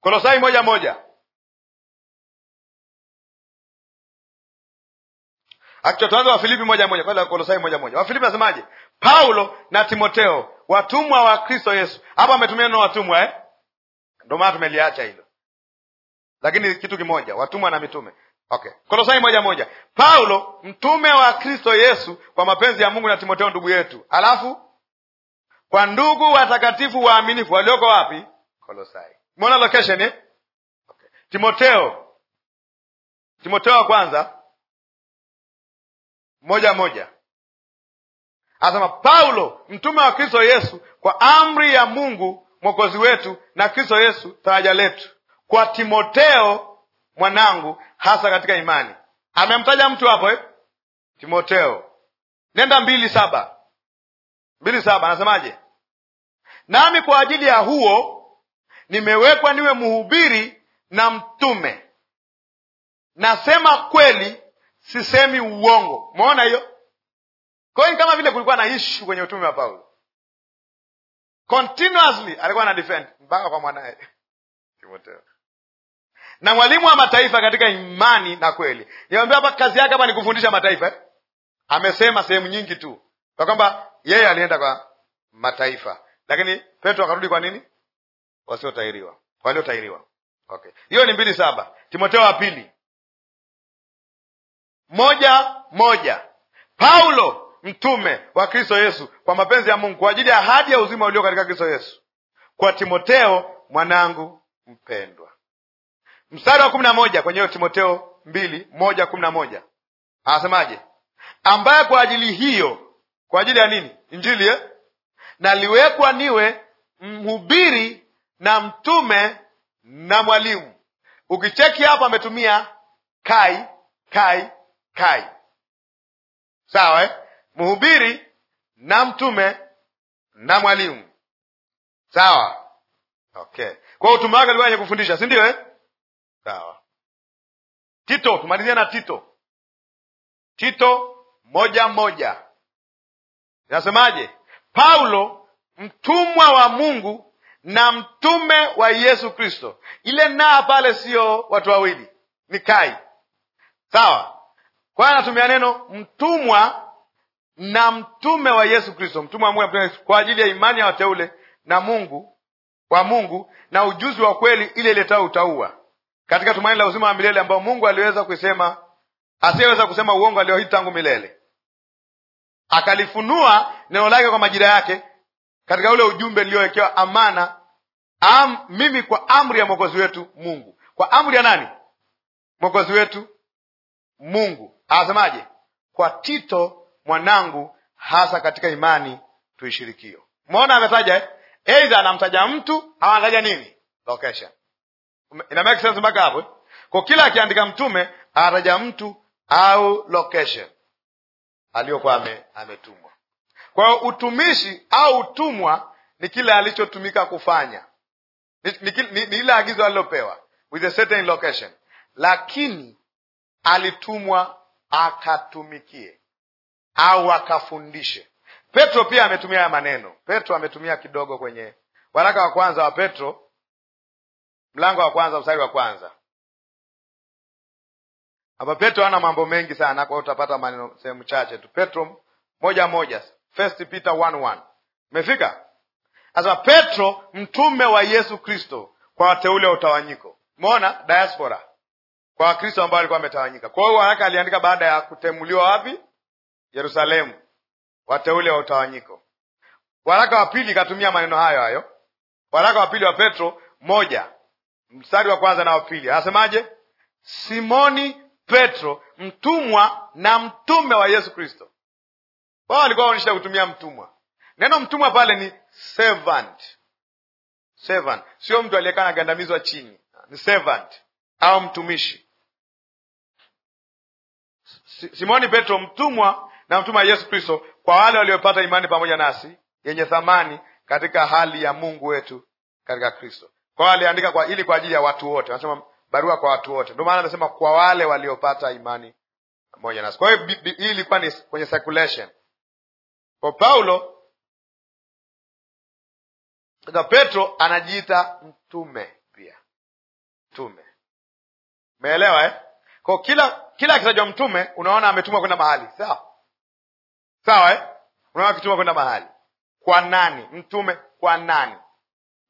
S1: Kolosai moja moja. Akichotoanza Wafilipi moja moja, Kolosai moja moja. Wafilipi nasemaje?
S2: Paulo na Timoteo, watumwa wa Kristo Yesu. Hapo ametumia neno watumwa eh? Ndio maana tumeliacha hilo, lakini kitu kimoja, watumwa na mitume. Okay, Kolosai moja moja, Paulo mtume wa Kristo Yesu kwa mapenzi ya Mungu na Timoteo ndugu yetu, alafu kwa ndugu watakatifu waaminifu walioko wapi?
S1: Kolosai. Umeona location eh? Okay. Timoteo, Timoteo wa kwanza moja moja
S2: Anasema Paulo mtume wa Kristo Yesu kwa amri ya Mungu mwokozi wetu na Kristo Yesu taraja letu, kwa Timoteo mwanangu hasa katika imani. Amemtaja mtu hapo eh? Timoteo, nenda mbili saba mbili saba anasemaje? Nami kwa ajili ya huo nimewekwa niwe mhubiri na mtume, nasema kweli, sisemi uongo. Umeona hiyo kwa hiyo kama vile kulikuwa na ishu kwenye utume wa Paulo, continuously alikuwa na defend mpaka kwa mwanaye (laughs) Timotheo na mwalimu wa mataifa katika imani na kweli. Niambia hapa kazi yake hapa ni kufundisha mataifa eh? Amesema sehemu nyingi tu kwa kwamba yeye alienda kwa mataifa, lakini Petro akarudi kwa nini? Wasiotahiriwa, waliotahiriwa. Okay, hiyo ni mbili saba Timotheo wa pili moja moja Paulo mtume wa Kristo Yesu kwa mapenzi ya Mungu kwa ajili ya ahadi ya uzima ulio katika Kristo Yesu, kwa Timoteo mwanangu mpendwa. Mstari wa kumi na moja kwenye hiyo Timoteo mbili moja kumi na moja anasemaje? Ambaye kwa ajili hiyo, kwa ajili ya nini? Injili eh? naliwekwa niwe mhubiri na mtume na mwalimu. Ukicheki hapo ametumia kai kai kai, sawa eh? mhubiri na mtume na mwalimu. Sawa, okay.
S1: Kwa hiyo utume wake alikuwa wenye kufundisha, si ndio eh? Sawa. Tito, tumalizia na Tito. Tito moja moja
S2: inasemaje? Paulo mtumwa wa Mungu na mtume wa Yesu Kristo. Ile naa pale sio watu wawili, ni Kai. Sawa. Kwa anatumia neno mtumwa na mtume wa Yesu Kristo, mtume wa Mungu kwa ajili ya imani ya wateule na Mungu wa Mungu na ujuzi wa kweli ile iletao utauwa katika tumaini la uzima wa milele ambao Mungu aliweza kusema asiyeweza kusema uongo alioahidi tangu milele, akalifunua neno lake kwa majira yake katika ule ujumbe niliowekewa amana am, mimi kwa amri ya mwokozi wetu Mungu. Kwa amri ya nani? Mwokozi wetu Mungu. Anasemaje? Kwa Tito mwanangu, hasa katika imani tuishirikio. Mwona ametaja eh? Eidha anamtaja mtu au anataja nini? Location. Ina make sense mpaka hapo. Eh? Kwa kila akiandika mtume anataja mtu au location aliyokuwa ame, ametumwa. Kwa hiyo utumishi au utumwa ni kile alichotumika kufanya, ni ile agizo alilopewa with a certain location, lakini alitumwa akatumikie au akafundishe. Petro pia ametumia haya maneno. Petro ametumia kidogo kwenye waraka wa kwanza wa Petro mlango wa kwanza mstari wa kwanza. Hapa Petro ana mambo mengi sana, kwa hiyo utapata maneno sehemu chache tu. Petro moja moja, First Peter 1:1 umefika Petro mtume wa Yesu Kristo kwa wateule wa utawanyiko, umeona diaspora, kwa Wakristo ambao walikuwa wametawanyika. Kwa hiyo waraka aliandika baada ya kutemuliwa wapi? Yerusalemu, wateule wa utawanyiko. Waraka wa pili katumia maneno hayo hayo, waraka wa pili wa Petro moja mstari wa kwanza na wa pili, anasemaje? Simoni Petro, mtumwa na mtume wa Yesu Kristo. Wao walikuwa waonyesha kutumia mtumwa. Neno mtumwa pale ni servant. Servant sio mtu aliyekaa anagandamizwa chini, ni servant au mtumishi. Simoni Petro mtumwa na mtuma Yesu Kristo kwa wale waliopata imani pamoja nasi yenye thamani katika hali ya Mungu wetu katika Kristo. Kwa aliandika kwa ili kwa ajili ya watu wote, anasema barua kwa watu wote. Ndio maana amesema kwa wale waliopata imani pamoja nasi. Kwa hiyo hii ilikuwa ni kwenye circulation kwa
S1: Paulo. Sasa Petro anajiita
S2: mtume pia, mtume. Umeelewa eh?
S1: Kwa kila
S2: kila akitajwa mtume, unaona ametumwa kwenda mahali, sawa sawa eh? Unaona kituma kwenda mahali kwa nani? Mtume kwa nani?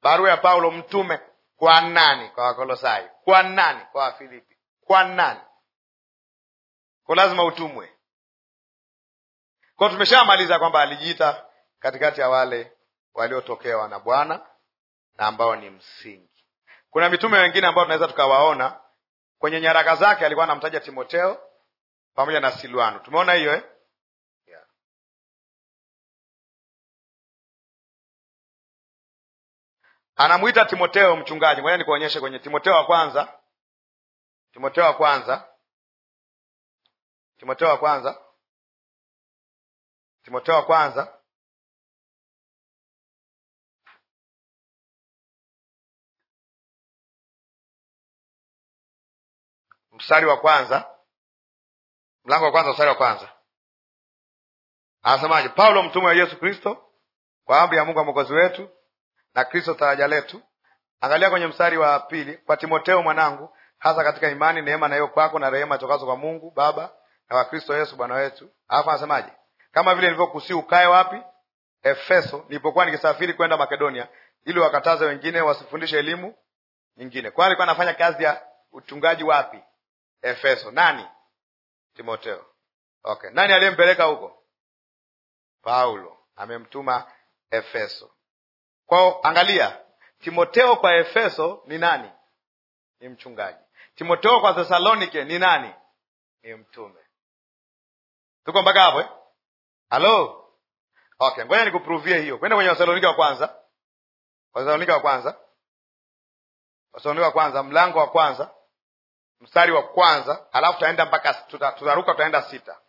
S2: Barua ya Paulo mtume kwa nani? Kwa Wakolosai kwa nani? Kwa Wafilipi kwa nani? Kwa lazima utumwe Kwa Tumeshamaliza kwamba alijiita katikati ya wale waliotokewa na Bwana na ambao ni msingi. Kuna mitume wengine ambao tunaweza tukawaona kwenye nyaraka zake, alikuwa anamtaja Timoteo
S1: pamoja na Silwano. Tumeona hiyo eh? anamwita timoteo mchungaji. Ngoja nikuonyeshe kwenye timoteo wa kwanza, timoteo wa kwanza, timoteo wa kwanza, timoteo wa kwanza mstari wa kwanza mlango wa kwanza mstari wa kwanza anasemaje? Paulo mtume wa
S2: Yesu Kristo kwa amri ya Mungu wa mwokozi wetu na Kristo taraja letu. Angalia kwenye mstari wa pili, kwa Timotheo mwanangu, hasa katika imani, neema na hiyo kwako na rehema tokazo kwa Mungu Baba na kwa Kristo Yesu Bwana wetu. Alafu anasemaje? Kama vile nilivyokusii ukae wapi? Efeso, nilipokuwa nikisafiri kwenda Makedonia, ili wakataze wengine wasifundishe elimu nyingine. Kwa alikuwa anafanya kazi ya uchungaji wapi? Efeso. Nani? Timotheo. Okay. Nani aliyempeleka huko? Paulo amemtuma Efeso kwao. Angalia, Timoteo kwa Efeso ni nani? Ni mchungaji. Timoteo kwa Thesalonike ni nani? Ni mtume.
S1: Tuko mpaka hapo eh? Halo, okay, ngoja nikupruvie hiyo. Kwenda kwenye Wathesalonike wa kwanza, Wathesalonike wa kwanza,
S2: Wathesalonike wa kwanza, mlango wa kwanza mstari wa kwanza, halafu tutaenda mpaka tutaruka, tutaenda sita.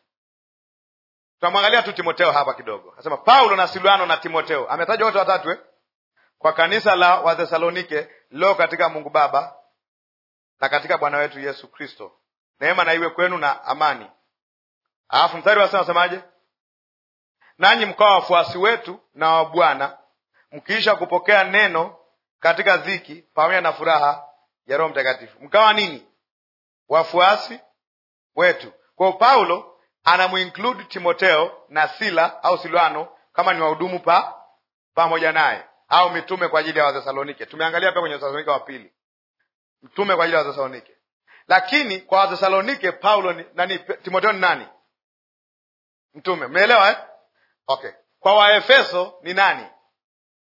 S2: Tutamwangalia tu Timoteo hapa kidogo. Anasema Paulo na Silwano na Timoteo, ametaja wote watatu eh? kwa kanisa la Wathesalonike leo katika Mungu Baba na katika Bwana wetu Yesu Kristo, neema na iwe kwenu na amani. Alafu mstari wa sasa nasemaje? Nanyi mkawa wafuasi wetu na wa Bwana, mkiisha kupokea neno katika dhiki pamoja na furaha ya Roho Mtakatifu. Mkawa nini? Wafuasi wetu. Kwa Paulo anamuinclude Timoteo na Sila au Silwano kama ni wahudumu pa pamoja naye au mitume kwa ajili ya Wathesalonike. Tumeangalia pia kwenye Wathesalonike wa pili, mtume kwa ajili ya Wathesalonike. Lakini kwa Wathesalonike Paulo ni nani? Timotheo ni nani? Mtume. Umeelewa eh? Okay. Kwa Waefeso ni nani?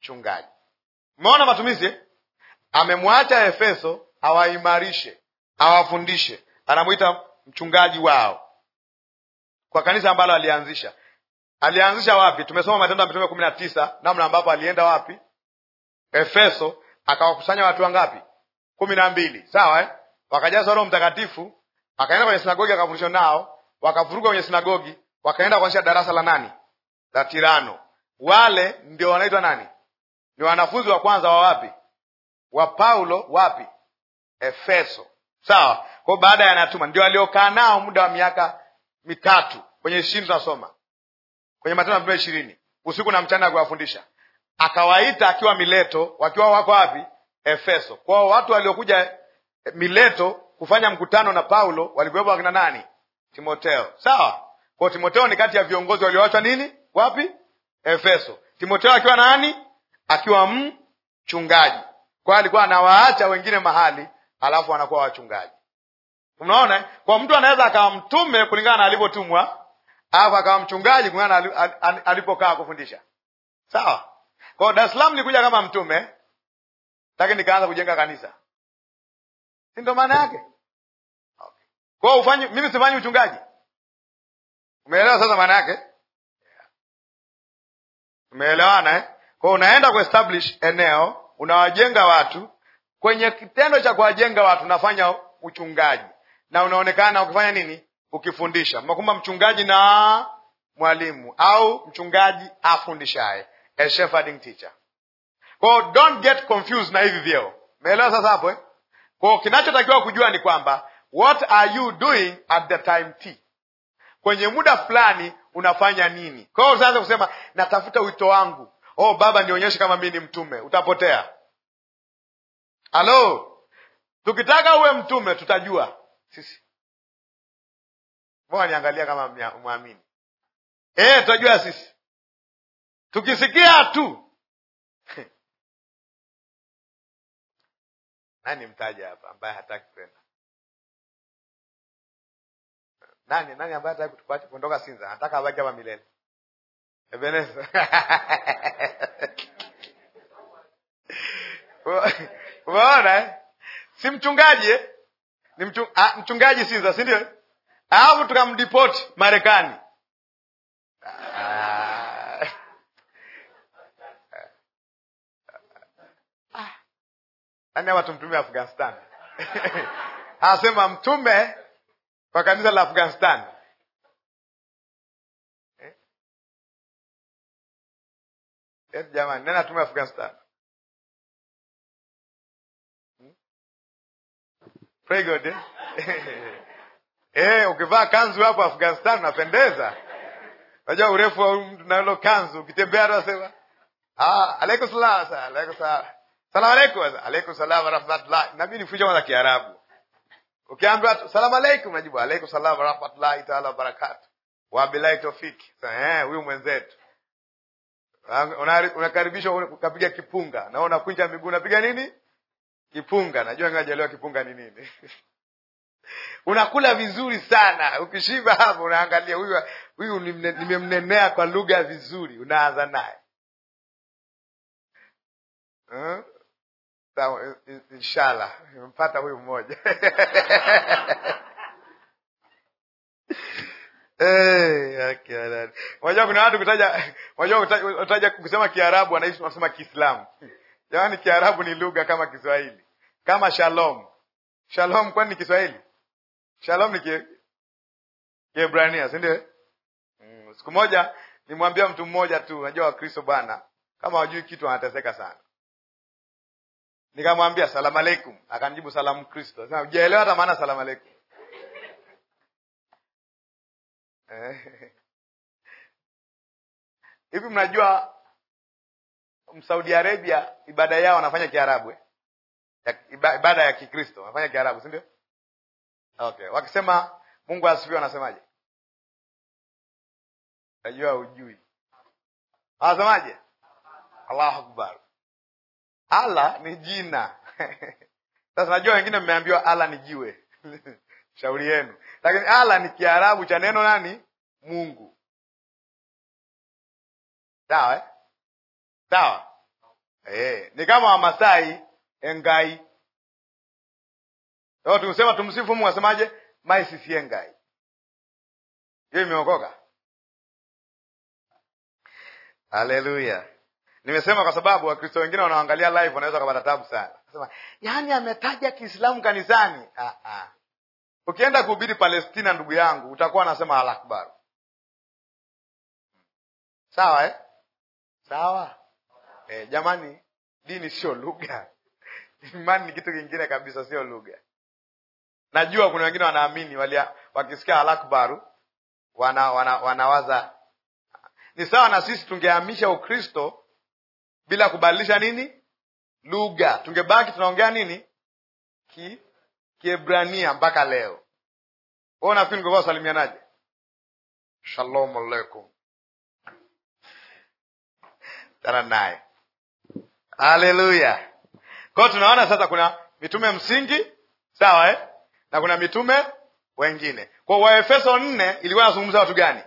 S2: Mchungaji. Umeona matumizi eh? Amemwacha Efeso awaimarishe, awafundishe, anamwita mchungaji wao kwa kanisa ambalo alianzisha. Alianzisha wapi? Tumesoma Matendo ya Mitume kumi na tisa, namna ambapo alienda wapi? Efeso akawakusanya watu wangapi? kumi na mbili, sawa eh? Wakajazwa Roho Mtakatifu, akaenda kwenye sinagogi akafundisha nao, wakavuruga kwenye sinagogi, wakaenda kuanzisha darasa la nani? La Tirano. Wale ndio wanaitwa nani? Ni wanafunzi wa kwanza wa wapi? Wa Paulo wapi? Efeso, sawa. Kwa baada ya anatuma ndio aliokaa nao muda wa miaka mitatu. Kwenye ishirini tunasoma kwenye Matendo ya Mitume ishirini usiku na mchana kuwafundisha akawaita akiwa Mileto, wakiwa wako wapi? Efeso. Kwao watu waliokuja eh, Mileto kufanya mkutano na Paulo walikuwepo wakina nani? Timoteo, sawa. Kwa Timoteo ni kati ya viongozi walioachwa nini, wapi? Efeso. Timoteo akiwa nani? Akiwa mchungaji. Kwa alikuwa anawaacha wengine mahali, alafu anakuwa wachungaji. Unaona, eh? kwa mtu anaweza akawa mtume kulingana na alivyotumwa, alafu akawa mchungaji kulingana na alipokaa kufundisha, sawa kwao. Dar es Salaam nilikuja kama mtume, lakini nikaanza kujenga
S1: kanisa, si ndo maana yake? Okay. Kwa ufanyi, mimi sifanyi uchungaji, umeelewa sasa maana yake?
S2: Umeelewana eh? Kwao unaenda kuestablish eneo, unawajenga watu. Kwenye kitendo cha kuwajenga watu unafanya uchungaji, na unaonekana ukifanya nini? Ukifundisha. makumba mchungaji na mwalimu, au mchungaji afundishaye a shepherding teacher. Kwa don't get confused na hivi vyeo. Umeelewa sasa hapo eh? Kwa kinachotakiwa kujua ni kwamba what are you doing at the time T? Kwenye muda fulani unafanya nini? Kwa hiyo usianze kusema natafuta wito wangu. Oh baba, nionyeshe kama mimi ni mtume, utapotea.
S1: Halo. Tukitaka uwe mtume tutajua sisi. Mbona niangalia kama mwamini? Eh, tutajua sisi tukisikia tu (laughs) nani mtaja hapa ambaye hataki kwenda?
S2: Nani nani ambaye hataki kutupacha kuondoka Sinza, anataka abaki hapa milele? Ebeneza (laughs) umeona, eh? si mchungaji eh? ni ah, mchungaji Sinza, sindio ndio? Eh? Alafu tukamdipoti Marekani nani
S1: watu mtume Afghanistan anasema (laughs) mtume kwa kanisa la Afghanistan eh? eh, jamani nani atume Afghanistan hmm? Pray God, eh? (laughs) Eh, ukivaa
S2: kanzu hapo Afghanistan unapendeza. Unajua urefu wa mtu na ile kanzu ukitembea sema, ah, alaikum salaam, alaikum salaam. Salamu aleikum. Aleikum salamu warahmatullahi. ni fujama za Kiarabu. Ukiambiwa salamu aleikum najibu aleikum salamu warahmatullahi taala wabarakatu. Wa billahi tawfik. eh, huyu mwenzetu. Unakaribishwa ukapiga kipunga na unakunja miguu unapiga nini? Kipunga. Najua ngajelewa kipunga ni nini. (laughs) Unakula vizuri sana. Ukishiba hapo unaangalia huyu huyu nimemnenea kwa lugha vizuri, unaanza naye. Hmm? Inshallah nimempata huyu mmoja (laughs) eh, unajua kuna watu kutaja, unajua kutaja kusema Kiarabu anaishi unasema Kiislamu. Jamani, Kiarabu ni lugha kama Kiswahili, kama shalom. Shalom kwani ni Kiswahili? Shalom ni Kiebrania, si ndio? Mm, siku moja nimwambia mtu mmoja tu, unajua Wakristo bwana kama wajui kitu wanateseka sana Nikamwambia salamu aleikum, akamjibu salamu Kristo. Sasa hujaelewa hata maana salamu aleikum.
S1: (laughs) hivi mnajua Saudi Arabia ibada yao wanafanya Kiarabu
S2: eh? ibada ya Kikristo wanafanya Kiarabu, si ndio? Okay, wakisema Mungu asifiwe wanasemaje? Najua ujui wanasemaje? Allahu akbar. Ala ni jina Sasa najua wengine mmeambiwa ala ni jiwe (laughs) shauri yenu, lakini ala ni Kiarabu cha neno nani? Mungu. Sawa eh? Sawa eh, ni kama Wamasai engai.
S1: O, tukisema tumsifu Mungu asemaje? maisisi engai. Hiyo imeokoka.
S2: Haleluya. Nimesema kwa sababu Wakristo wengine wanaangalia live wanaweza kupata tabu sana. Sema, yaani ametaja Kiislamu kanisani. Ah ah. Ukienda kuhubiri Palestina ndugu yangu, utakuwa unasema Allahu Akbar. Sawa eh? Sawa. Eh, jamani dini sio lugha. Imani ni kitu kingine kabisa, sio lugha. Najua kuna wengine wanaamini walia wakisikia Allahu Akbar wana, wana, wanawaza ni sawa na sisi tungehamisha Ukristo bila kubadilisha nini lugha, tungebaki tunaongea nini
S1: ki Kiebrania mpaka leo. Wewe nafikiri ningekuwa salimianaje?
S2: Shalom aleikum tana naye. Haleluya! Kwa tunaona sasa kuna mitume msingi, sawa eh? na kuna mitume wengine. Kwa Waefeso nne ilikuwa inazungumza watu gani?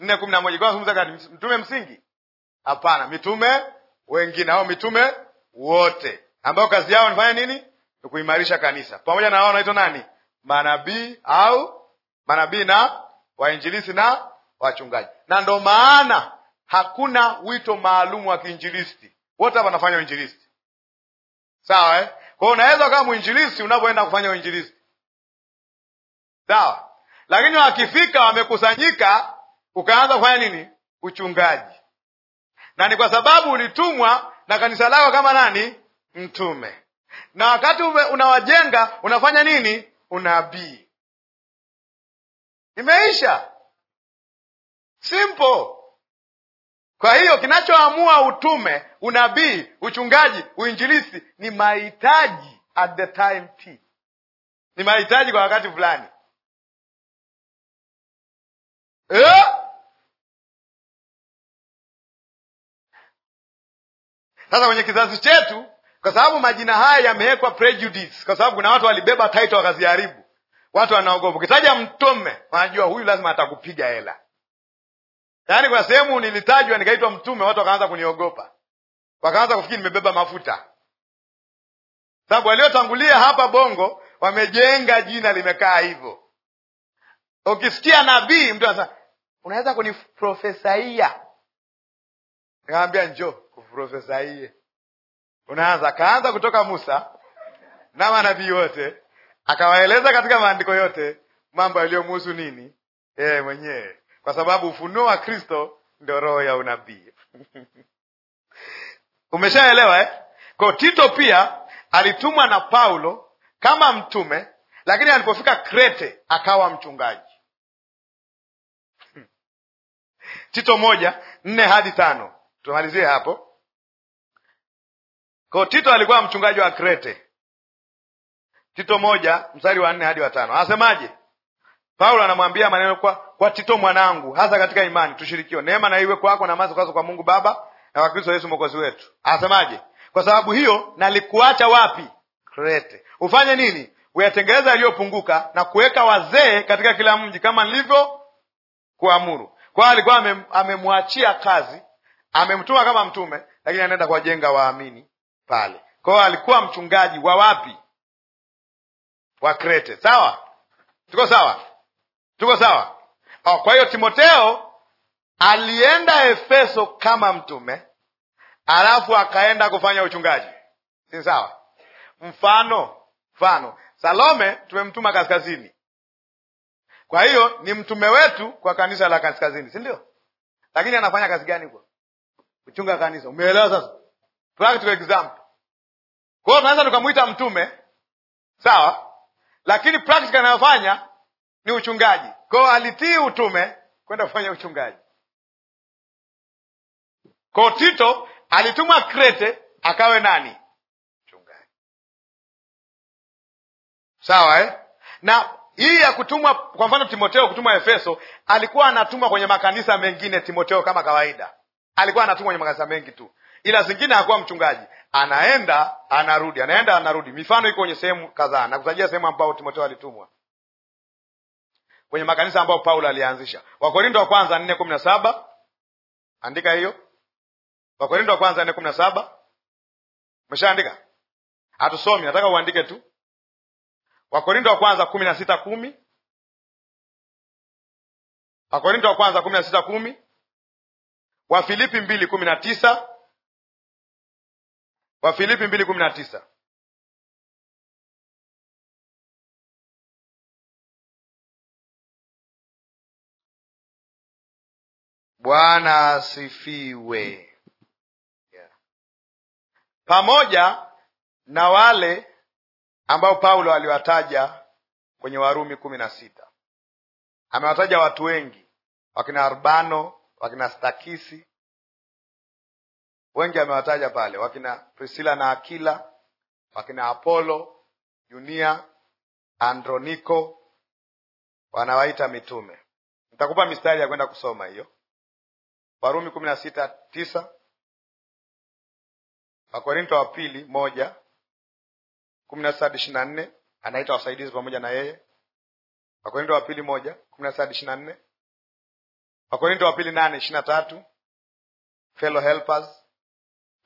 S2: nne kumi na moja ilikuwa inazungumza mtume msingi Hapana, mitume wengine au mitume wote ambao kazi yao nifanya nini? Ni kuimarisha kanisa. Pamoja na wao wanaitwa nani? Manabii au manabii na wainjilisi na wachungaji. Na ndo maana hakuna wito maalum wa kiinjilisti, wote hapa wanafanya uinjilisti, sawa eh? Kwa hiyo unaweza kama mwinjilisti unapoenda kufanya uinjilisti, sawa, lakini wakifika wamekusanyika, ukaanza kufanya nini? Uchungaji na ni kwa sababu ulitumwa na kanisa lako kama nani? Mtume.
S1: Na wakati unawajenga unafanya nini? Unabii. Imeisha, simple.
S2: Kwa hiyo kinachoamua utume, unabii, uchungaji, uinjilisi ni
S1: mahitaji at the time t, ni mahitaji kwa wakati fulani eh? Sasa kwenye kizazi chetu, kwa sababu majina haya
S2: yamewekwa prejudice, kwa sababu kuna watu walibeba title wakaziharibu. Watu wanaogopa, ukitaja mtume wanajua huyu lazima atakupiga hela. Yaani kuna sehemu nilitajwa nikaitwa mtume, watu wakaanza kuniogopa, wakaanza kufikiri nimebeba mafuta, sababu waliotangulia hapa Bongo wamejenga jina limekaa hivyo. Ukisikia nabii mtu anasema unaweza kuniprofesaia, nikamwambia njoo uprofesaie unaanza akaanza kutoka Musa na manabii wote akawaeleza katika maandiko yote mambo yaliyomuhusu nini yeye mwenyewe, kwa sababu ufunuo wa Kristo ndio roho ya unabii (laughs) umeshaelewa eh? ko Tito pia alitumwa na Paulo kama mtume, lakini alipofika Krete akawa mchungaji
S1: hmm. Tito moja nne hadi tano tumalizie hapo. Kwa Tito alikuwa mchungaji wa
S2: Krete. Tito moja mstari wa nne hadi wa tano anasemaje? Paulo anamwambia maneno kwa, kwa Tito mwanangu, hasa katika imani tushirikio, neema na iwe kwako na mazi kwa Mungu Baba na kwa Kristo Yesu mwokozi wetu. Anasemaje? Kwa sababu hiyo nalikuacha wapi? Krete, ufanye nini? Uyatengeneza yaliyopunguka na kuweka wazee katika kila mji kama nilivyo kuamuru. Kwa hiyo alikuwa amemwachia kazi, amemtuma kama mtume, lakini anaenda kuwajenga waamini pale. Kwa hiyo alikuwa mchungaji wa wapi? Wa Krete. Sawa, tuko sawa, tuko sawa. O, oh, kwa hiyo Timoteo alienda Efeso kama mtume, alafu akaenda kufanya uchungaji, si sawa? Mfano mfano Salome tumemtuma kaskazini, kwa hiyo ni mtume wetu kwa kanisa la kaskazini, si ndio? Lakini anafanya kazi gani huko? Kuchunga kanisa. Umeelewa sasa? Practical example kwa hiyo tunaweza tukamwita mtume sawa, lakini praktika anayofanya ni uchungaji. kwao alitii utume kwenda kufanya uchungaji.
S1: ko Tito alitumwa Krete akawe nani? Mchungaji, sawa eh? na hii ya kutumwa kwa
S2: mfano Timoteo kutumwa Efeso, alikuwa anatumwa kwenye makanisa mengine. Timoteo kama kawaida alikuwa anatumwa kwenye makanisa mengi tu, ila zingine hakuwa mchungaji, anaenda anarudi, anaenda anarudi. Mifano iko kwenye sehemu kadhaa, nakutajia sehemu ambayo Timotheo alitumwa kwenye makanisa ambayo Paulo alianzisha. Wakorinto wa kwanza nne kumi na saba andika hiyo,
S1: Wakorinto wa kwanza nne kumi na saba Umeshaandika? Hatusomi, nataka uandike tu. Wakorinto wa kwanza kumi na sita kumi Wakorinto wa kwanza kumi na sita kumi Wafilipi mbili kumi na tisa wafilipi mbili kumi na tisa Bwana asifiwe. Yeah. Pamoja na
S2: wale ambao Paulo aliwataja kwenye Warumi kumi na sita amewataja watu wengi, wakina Arbano, wakina Stakisi, wengi amewataja pale, wakina Priscilla na Akila, wakina Apolo, Junia, Androniko, wanawaita mitume. Nitakupa mistari ya kwenda kusoma hiyo, Warumi kumi na sita tisa, Wakorinto wa pili moja kumi na sita hadi ishirini na nne anaita wasaidizi pamoja na yeye. Wakorinto wa pili moja kumi na sita hadi ishirini na nne Wakorinto wa pili nane ishirini na tatu fellow helpers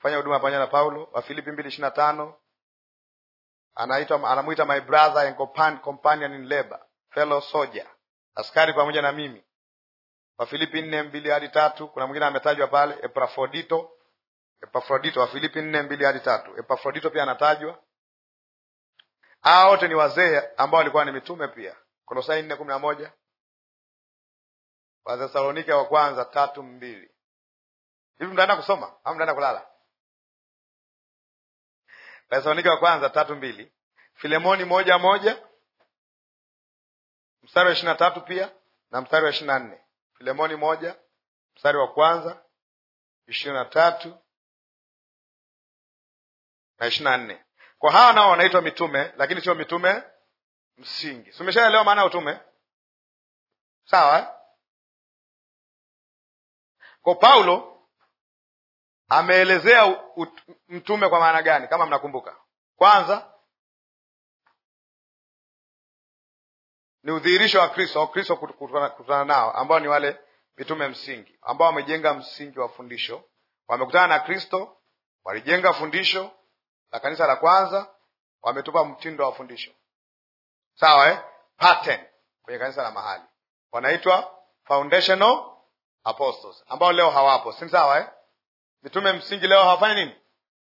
S2: fanya huduma pamoja na Paulo. Wafilipi mbili ishirini na tano anaitwa anamwita my brother and companion in labor, fellow soldier, askari pamoja na mimi. Wafilipi nne mbili hadi tatu. Kuna mwingine ametajwa pale, Epafrodito. Epafrodito, Wafilipi nne mbili hadi tatu. Epafrodito pia anatajwa. Hawa wote ni wazee ambao walikuwa ni mitume pia. Kolosai nne kumi na moja
S1: Wathesalonike wa kwanza tatu mbili. Hivi mtaenda kusoma au mtaenda kulala? Thesalonika wa kwanza
S2: tatu mbili, Filemoni moja moja mstari wa ishirini na tatu pia na mstari wa ishirini na nne Filemoni moja mstari wa kwanza ishirini na tatu na ishirini na nne Kwa hawa nao wanaitwa mitume, lakini sio mitume msingi. simeshaelewa maana ya utume,
S1: sawa? Eh? Kwa Paulo ameelezea mtume kwa maana gani, kama mnakumbuka. Kwanza ni udhihirisho wa Kristo au
S2: Kristo kukutana nao, ambao ni wale mitume msingi, ambao wamejenga msingi wa fundisho. Wamekutana na Kristo, walijenga fundisho la kanisa la kwanza, wametupa mtindo wa fundisho sawa, eh? pattern kwenye kanisa la mahali, wanaitwa foundational apostles ambao leo hawapo, si sawa eh? mitume msingi leo hawafanyi nini?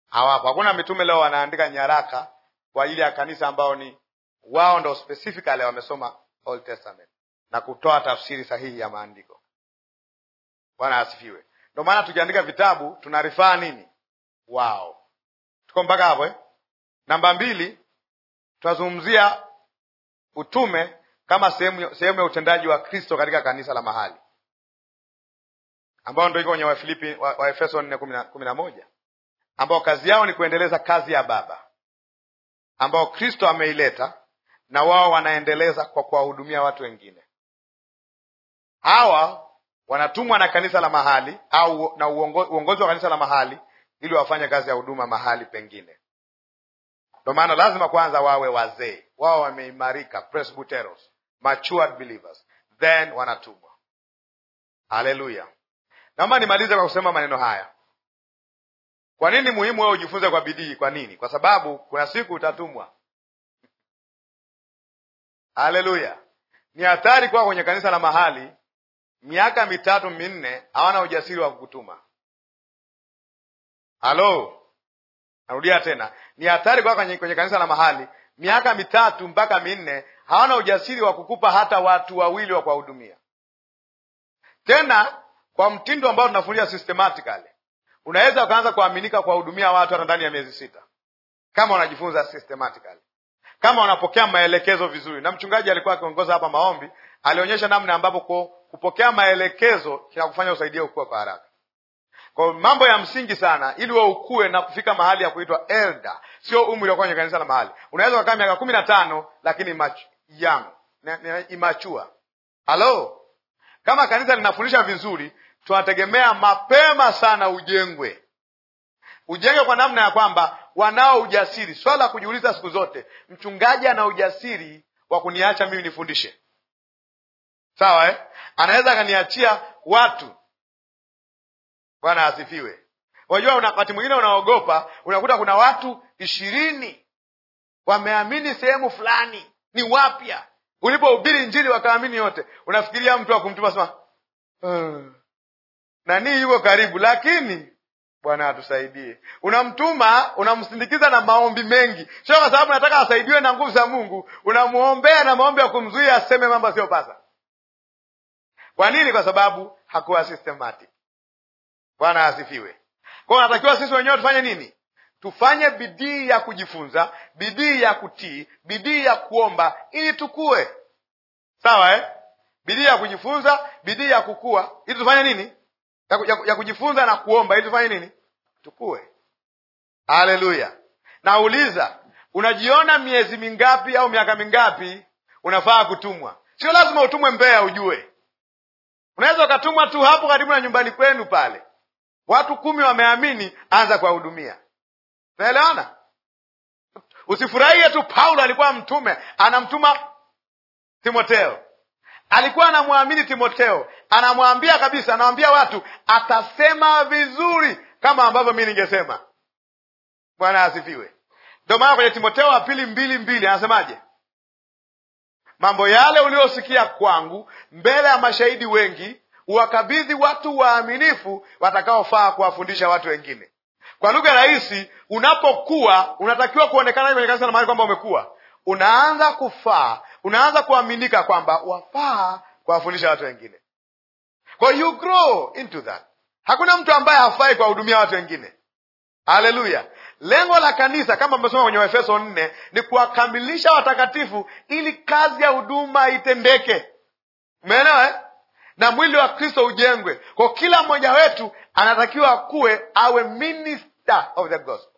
S2: Hawapo. Hakuna mitume leo wanaandika nyaraka kwa ajili ya kanisa ambao ni wao ndo specifically wamesoma Old Testament na kutoa tafsiri sahihi ya maandiko. Bwana asifiwe. Ndio maana tukiandika vitabu tunarifaa nini? Wao. Tuko mpaka hapo eh? Namba mbili, tunazungumzia utume kama sehemu sehemu ya utendaji wa Kristo katika kanisa la mahali ambao ndio iko kwenye Wafilipi wa Efeso nne kumi na moja ambao kazi yao ni kuendeleza kazi ya Baba ambao Kristo ameileta na wao wanaendeleza kwa kuwahudumia watu wengine. Hawa wanatumwa na kanisa la mahali au na uongozi wa kanisa la mahali ili wafanye kazi ya huduma mahali pengine. Ndio maana lazima kwanza wawe wazee, wao wameimarika, presbyteros, matured believers, then wanatumwa. Haleluya! Naomba nimalize kwa kusema maneno haya. Kwa nini muhimu wewe ujifunze kwa bidii? Kwa nini? Kwa sababu kuna siku utatumwa. Haleluya! Ni hatari kuwa kwenye kanisa la mahali miaka mitatu minne, hawana ujasiri wa kukutuma. Halo, narudia tena, ni hatari kuwa kwenye, kwenye kanisa la mahali miaka mitatu mpaka minne, hawana ujasiri wa kukupa hata watu wawili wa kuwahudumia. Tena kwa mtindo ambao tunafundisha systematically, unaweza ukaanza kuaminika kuwahudumia watu hata ndani ya miezi sita, kama wanajifunza systematically, kama wanapokea maelekezo vizuri. Na mchungaji alikuwa akiongoza hapa maombi, alionyesha namna ambapo kupokea maelekezo kinakufanya usaidie ukua kwa haraka. Kwa mambo ya msingi sana, ili we ukue na kufika mahali ya kuitwa elder, sio umri wa kwenye kanisa la mahali. Unaweza ukakaa miaka kumi na tano lakini imach, young imachua. Halo, kama kanisa linafundisha vizuri, tunategemea mapema sana ujengwe, ujengwe kwa namna ya kwamba wanao ujasiri. Swala la kujiuliza siku zote, mchungaji ana ujasiri wa kuniacha mimi nifundishe? Sawa eh? Anaweza akaniachia watu. Bwana asifiwe. Unajua, una wakati mwingine unaogopa, unakuta kuna watu ishirini wameamini sehemu fulani, ni wapya, ulipohubiri njili wakaamini yote. Unafikiria mtu akumtuma sema uh, nani yuko karibu, lakini Bwana atusaidie. Unamtuma, unamsindikiza na maombi mengi, sio kwa sababu nataka asaidiwe na nguvu za Mungu. Unamwombea na maombi ya kumzuia aseme mambo asiyopasa. Kwa nini? Kwa sababu hakuwa systematic. Bwana asifiwe. Kwao natakiwa sisi wenyewe tufanye nini? tufanye bidii ya kujifunza, bidii ya kutii, bidii ya kuomba ili tukue. Sawa eh? Bidii ya kujifunza, bidii ya kukua ili tufanye nini? Ya, ya, ya kujifunza na kuomba ili tufanye nini? Tukue. Haleluya! Nauliza, unajiona miezi mingapi au miaka mingapi unafaa kutumwa? Sio lazima utumwe Mbeya ujue, unaweza ukatumwa tu hapo karibu na nyumbani kwenu pale. Watu kumi wameamini, anza kuwahudumia naelewana usifurahie tu paulo alikuwa mtume anamtuma timoteo alikuwa anamwamini timoteo anamwambia kabisa anawambia watu atasema vizuri kama ambavyo mi ningesema bwana asifiwe ndio maana kwenye timoteo wa pili mbili mbili anasemaje mambo yale uliyosikia kwangu mbele ya mashahidi wengi uwakabidhi watu waaminifu watakaofaa kuwafundisha watu wengine kwa lugha rahisi, unapokuwa unatakiwa kuonekana kwenye kanisa na mahali kwamba umekuwa, unaanza kufaa, unaanza kuaminika kwamba
S1: wafaa
S2: kuwafundisha watu wengine. Kwa you grow into that. Hakuna mtu ambaye hafai kuwahudumia watu wengine. Haleluya! Lengo la kanisa kama mmesoma kwenye Waefeso nne ni kuwakamilisha watakatifu ili kazi ya huduma itendeke. Umeelewa eh? na mwili wa Kristo ujengwe. Kwa kila mmoja wetu anatakiwa kuwe awe minister da of the gospel.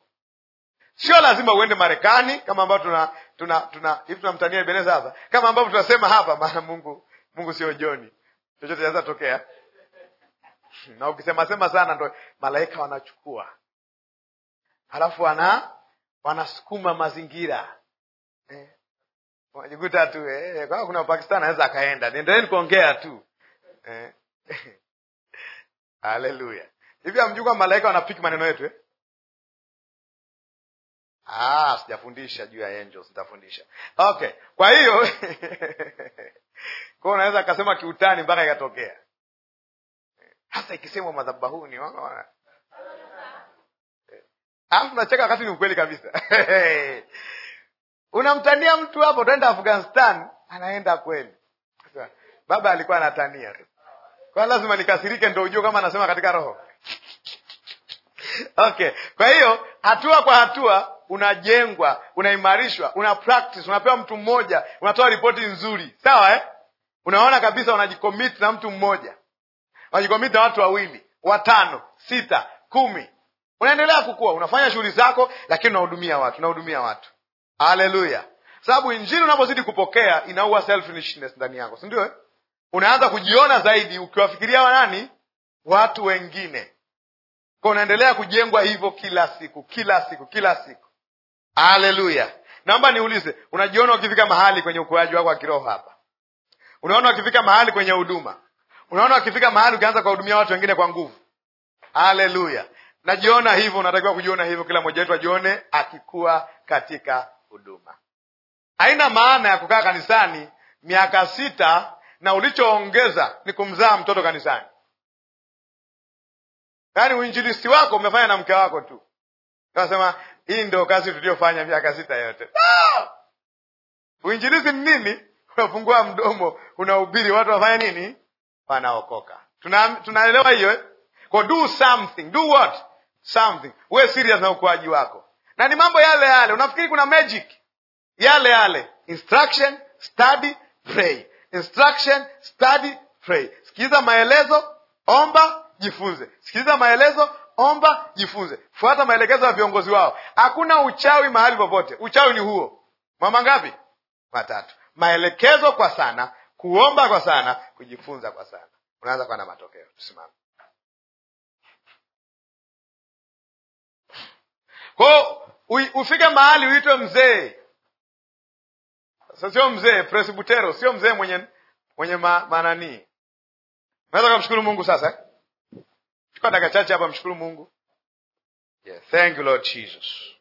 S2: Sio lazima uende Marekani kama ambavyo tuna tuna tuna hivi tunamtania Ebeneza hapa, kama ambavyo tunasema hapa, (laughs) maana Mungu Mungu sio Joni, chochote kinaweza tokea (laughs) na ukisema sema sana ndo malaika wanachukua, halafu wana wanasukuma mazingira eh, wajikuta tu eh, kwa kuna Pakistan anaweza akaenda, niendeleni kuongea tu eh. (laughs) Haleluya! Hivi hamjui kwamba malaika wanapiki maneno yetu eh? Ah, sijafundisha juu ya angels, nitafundisha. Okay, kwa hiyo (laughs) kwa unaweza akasema kiutani mpaka ikatokea hasa ikisemwa madhabahuni, alafu nacheka wakati ni ukweli kabisa. (laughs) Unamtania mtu hapo, utaenda Afghanistan, anaenda kweli. Baba alikuwa anatania, kwa lazima nikasirike, ndo ujue kama anasema katika roho (laughs) Okay, kwa hiyo hatua kwa hatua unajengwa, unaimarishwa, una practice, unapewa mtu mmoja, unatoa ripoti nzuri, sawa eh? Unaona kabisa unajikomiti na mtu mmoja, unajikomiti na watu wawili, watano, sita, kumi, unaendelea kukua, unafanya shughuli zako, lakini unahudumia watu, unahudumia watu. Haleluya! Sababu injili unapozidi kupokea inaua selfishness ndani yako, si ndio eh? Unaanza kujiona zaidi, ukiwafikiria wanani watu wengine kwa unaendelea kujengwa hivyo kila siku kila siku kila siku haleluya naomba niulize unajiona ukifika mahali kwenye ukuaji wako wa kiroho hapa unaona ukifika mahali kwenye huduma unaona ukifika mahali ukianza kuwahudumia watu wengine kwa nguvu haleluya najiona hivyo unatakiwa kujiona hivyo kila mmoja wetu ajione akikuwa katika huduma haina maana ya kukaa kanisani miaka sita na ulichoongeza ni kumzaa mtoto kanisani yaani uinjilisti wako umefanya na mke wako tu, kasema hii ndo kazi tuliyofanya miaka sita yote Ah! Uinjilisti ni nini? (laughs) Unafungua mdomo unahubiri, watu wafanye nini? Wanaokoka. Tunaelewa hiyo eh? Ko, do something, do what something. Uwe serious na ukuaji wako, na ni mambo yale yale. Unafikiri kuna magic? Yale yale, instruction study pray, instruction study pray. Sikiza maelezo, omba jifunze. Sikiliza maelezo, omba, jifunze, fuata maelekezo ya viongozi wao. Hakuna uchawi mahali popote. Uchawi ni huo. Mama ngapi? Matatu. Maelekezo kwa sana, kuomba kwa sana, kujifunza kwa sana, unaanza kuwa na matokeo. Tusimame. ko ufike mahali uitwe mzee. Sasa sio mzee presbutero, sio mzee mwenye mwenye ma,
S1: manani. unaweza kumshukuru Mungu sasa eh? chukua dakika chache hapa, mshukuru Mungu. Yeah, thank you Lord Jesus.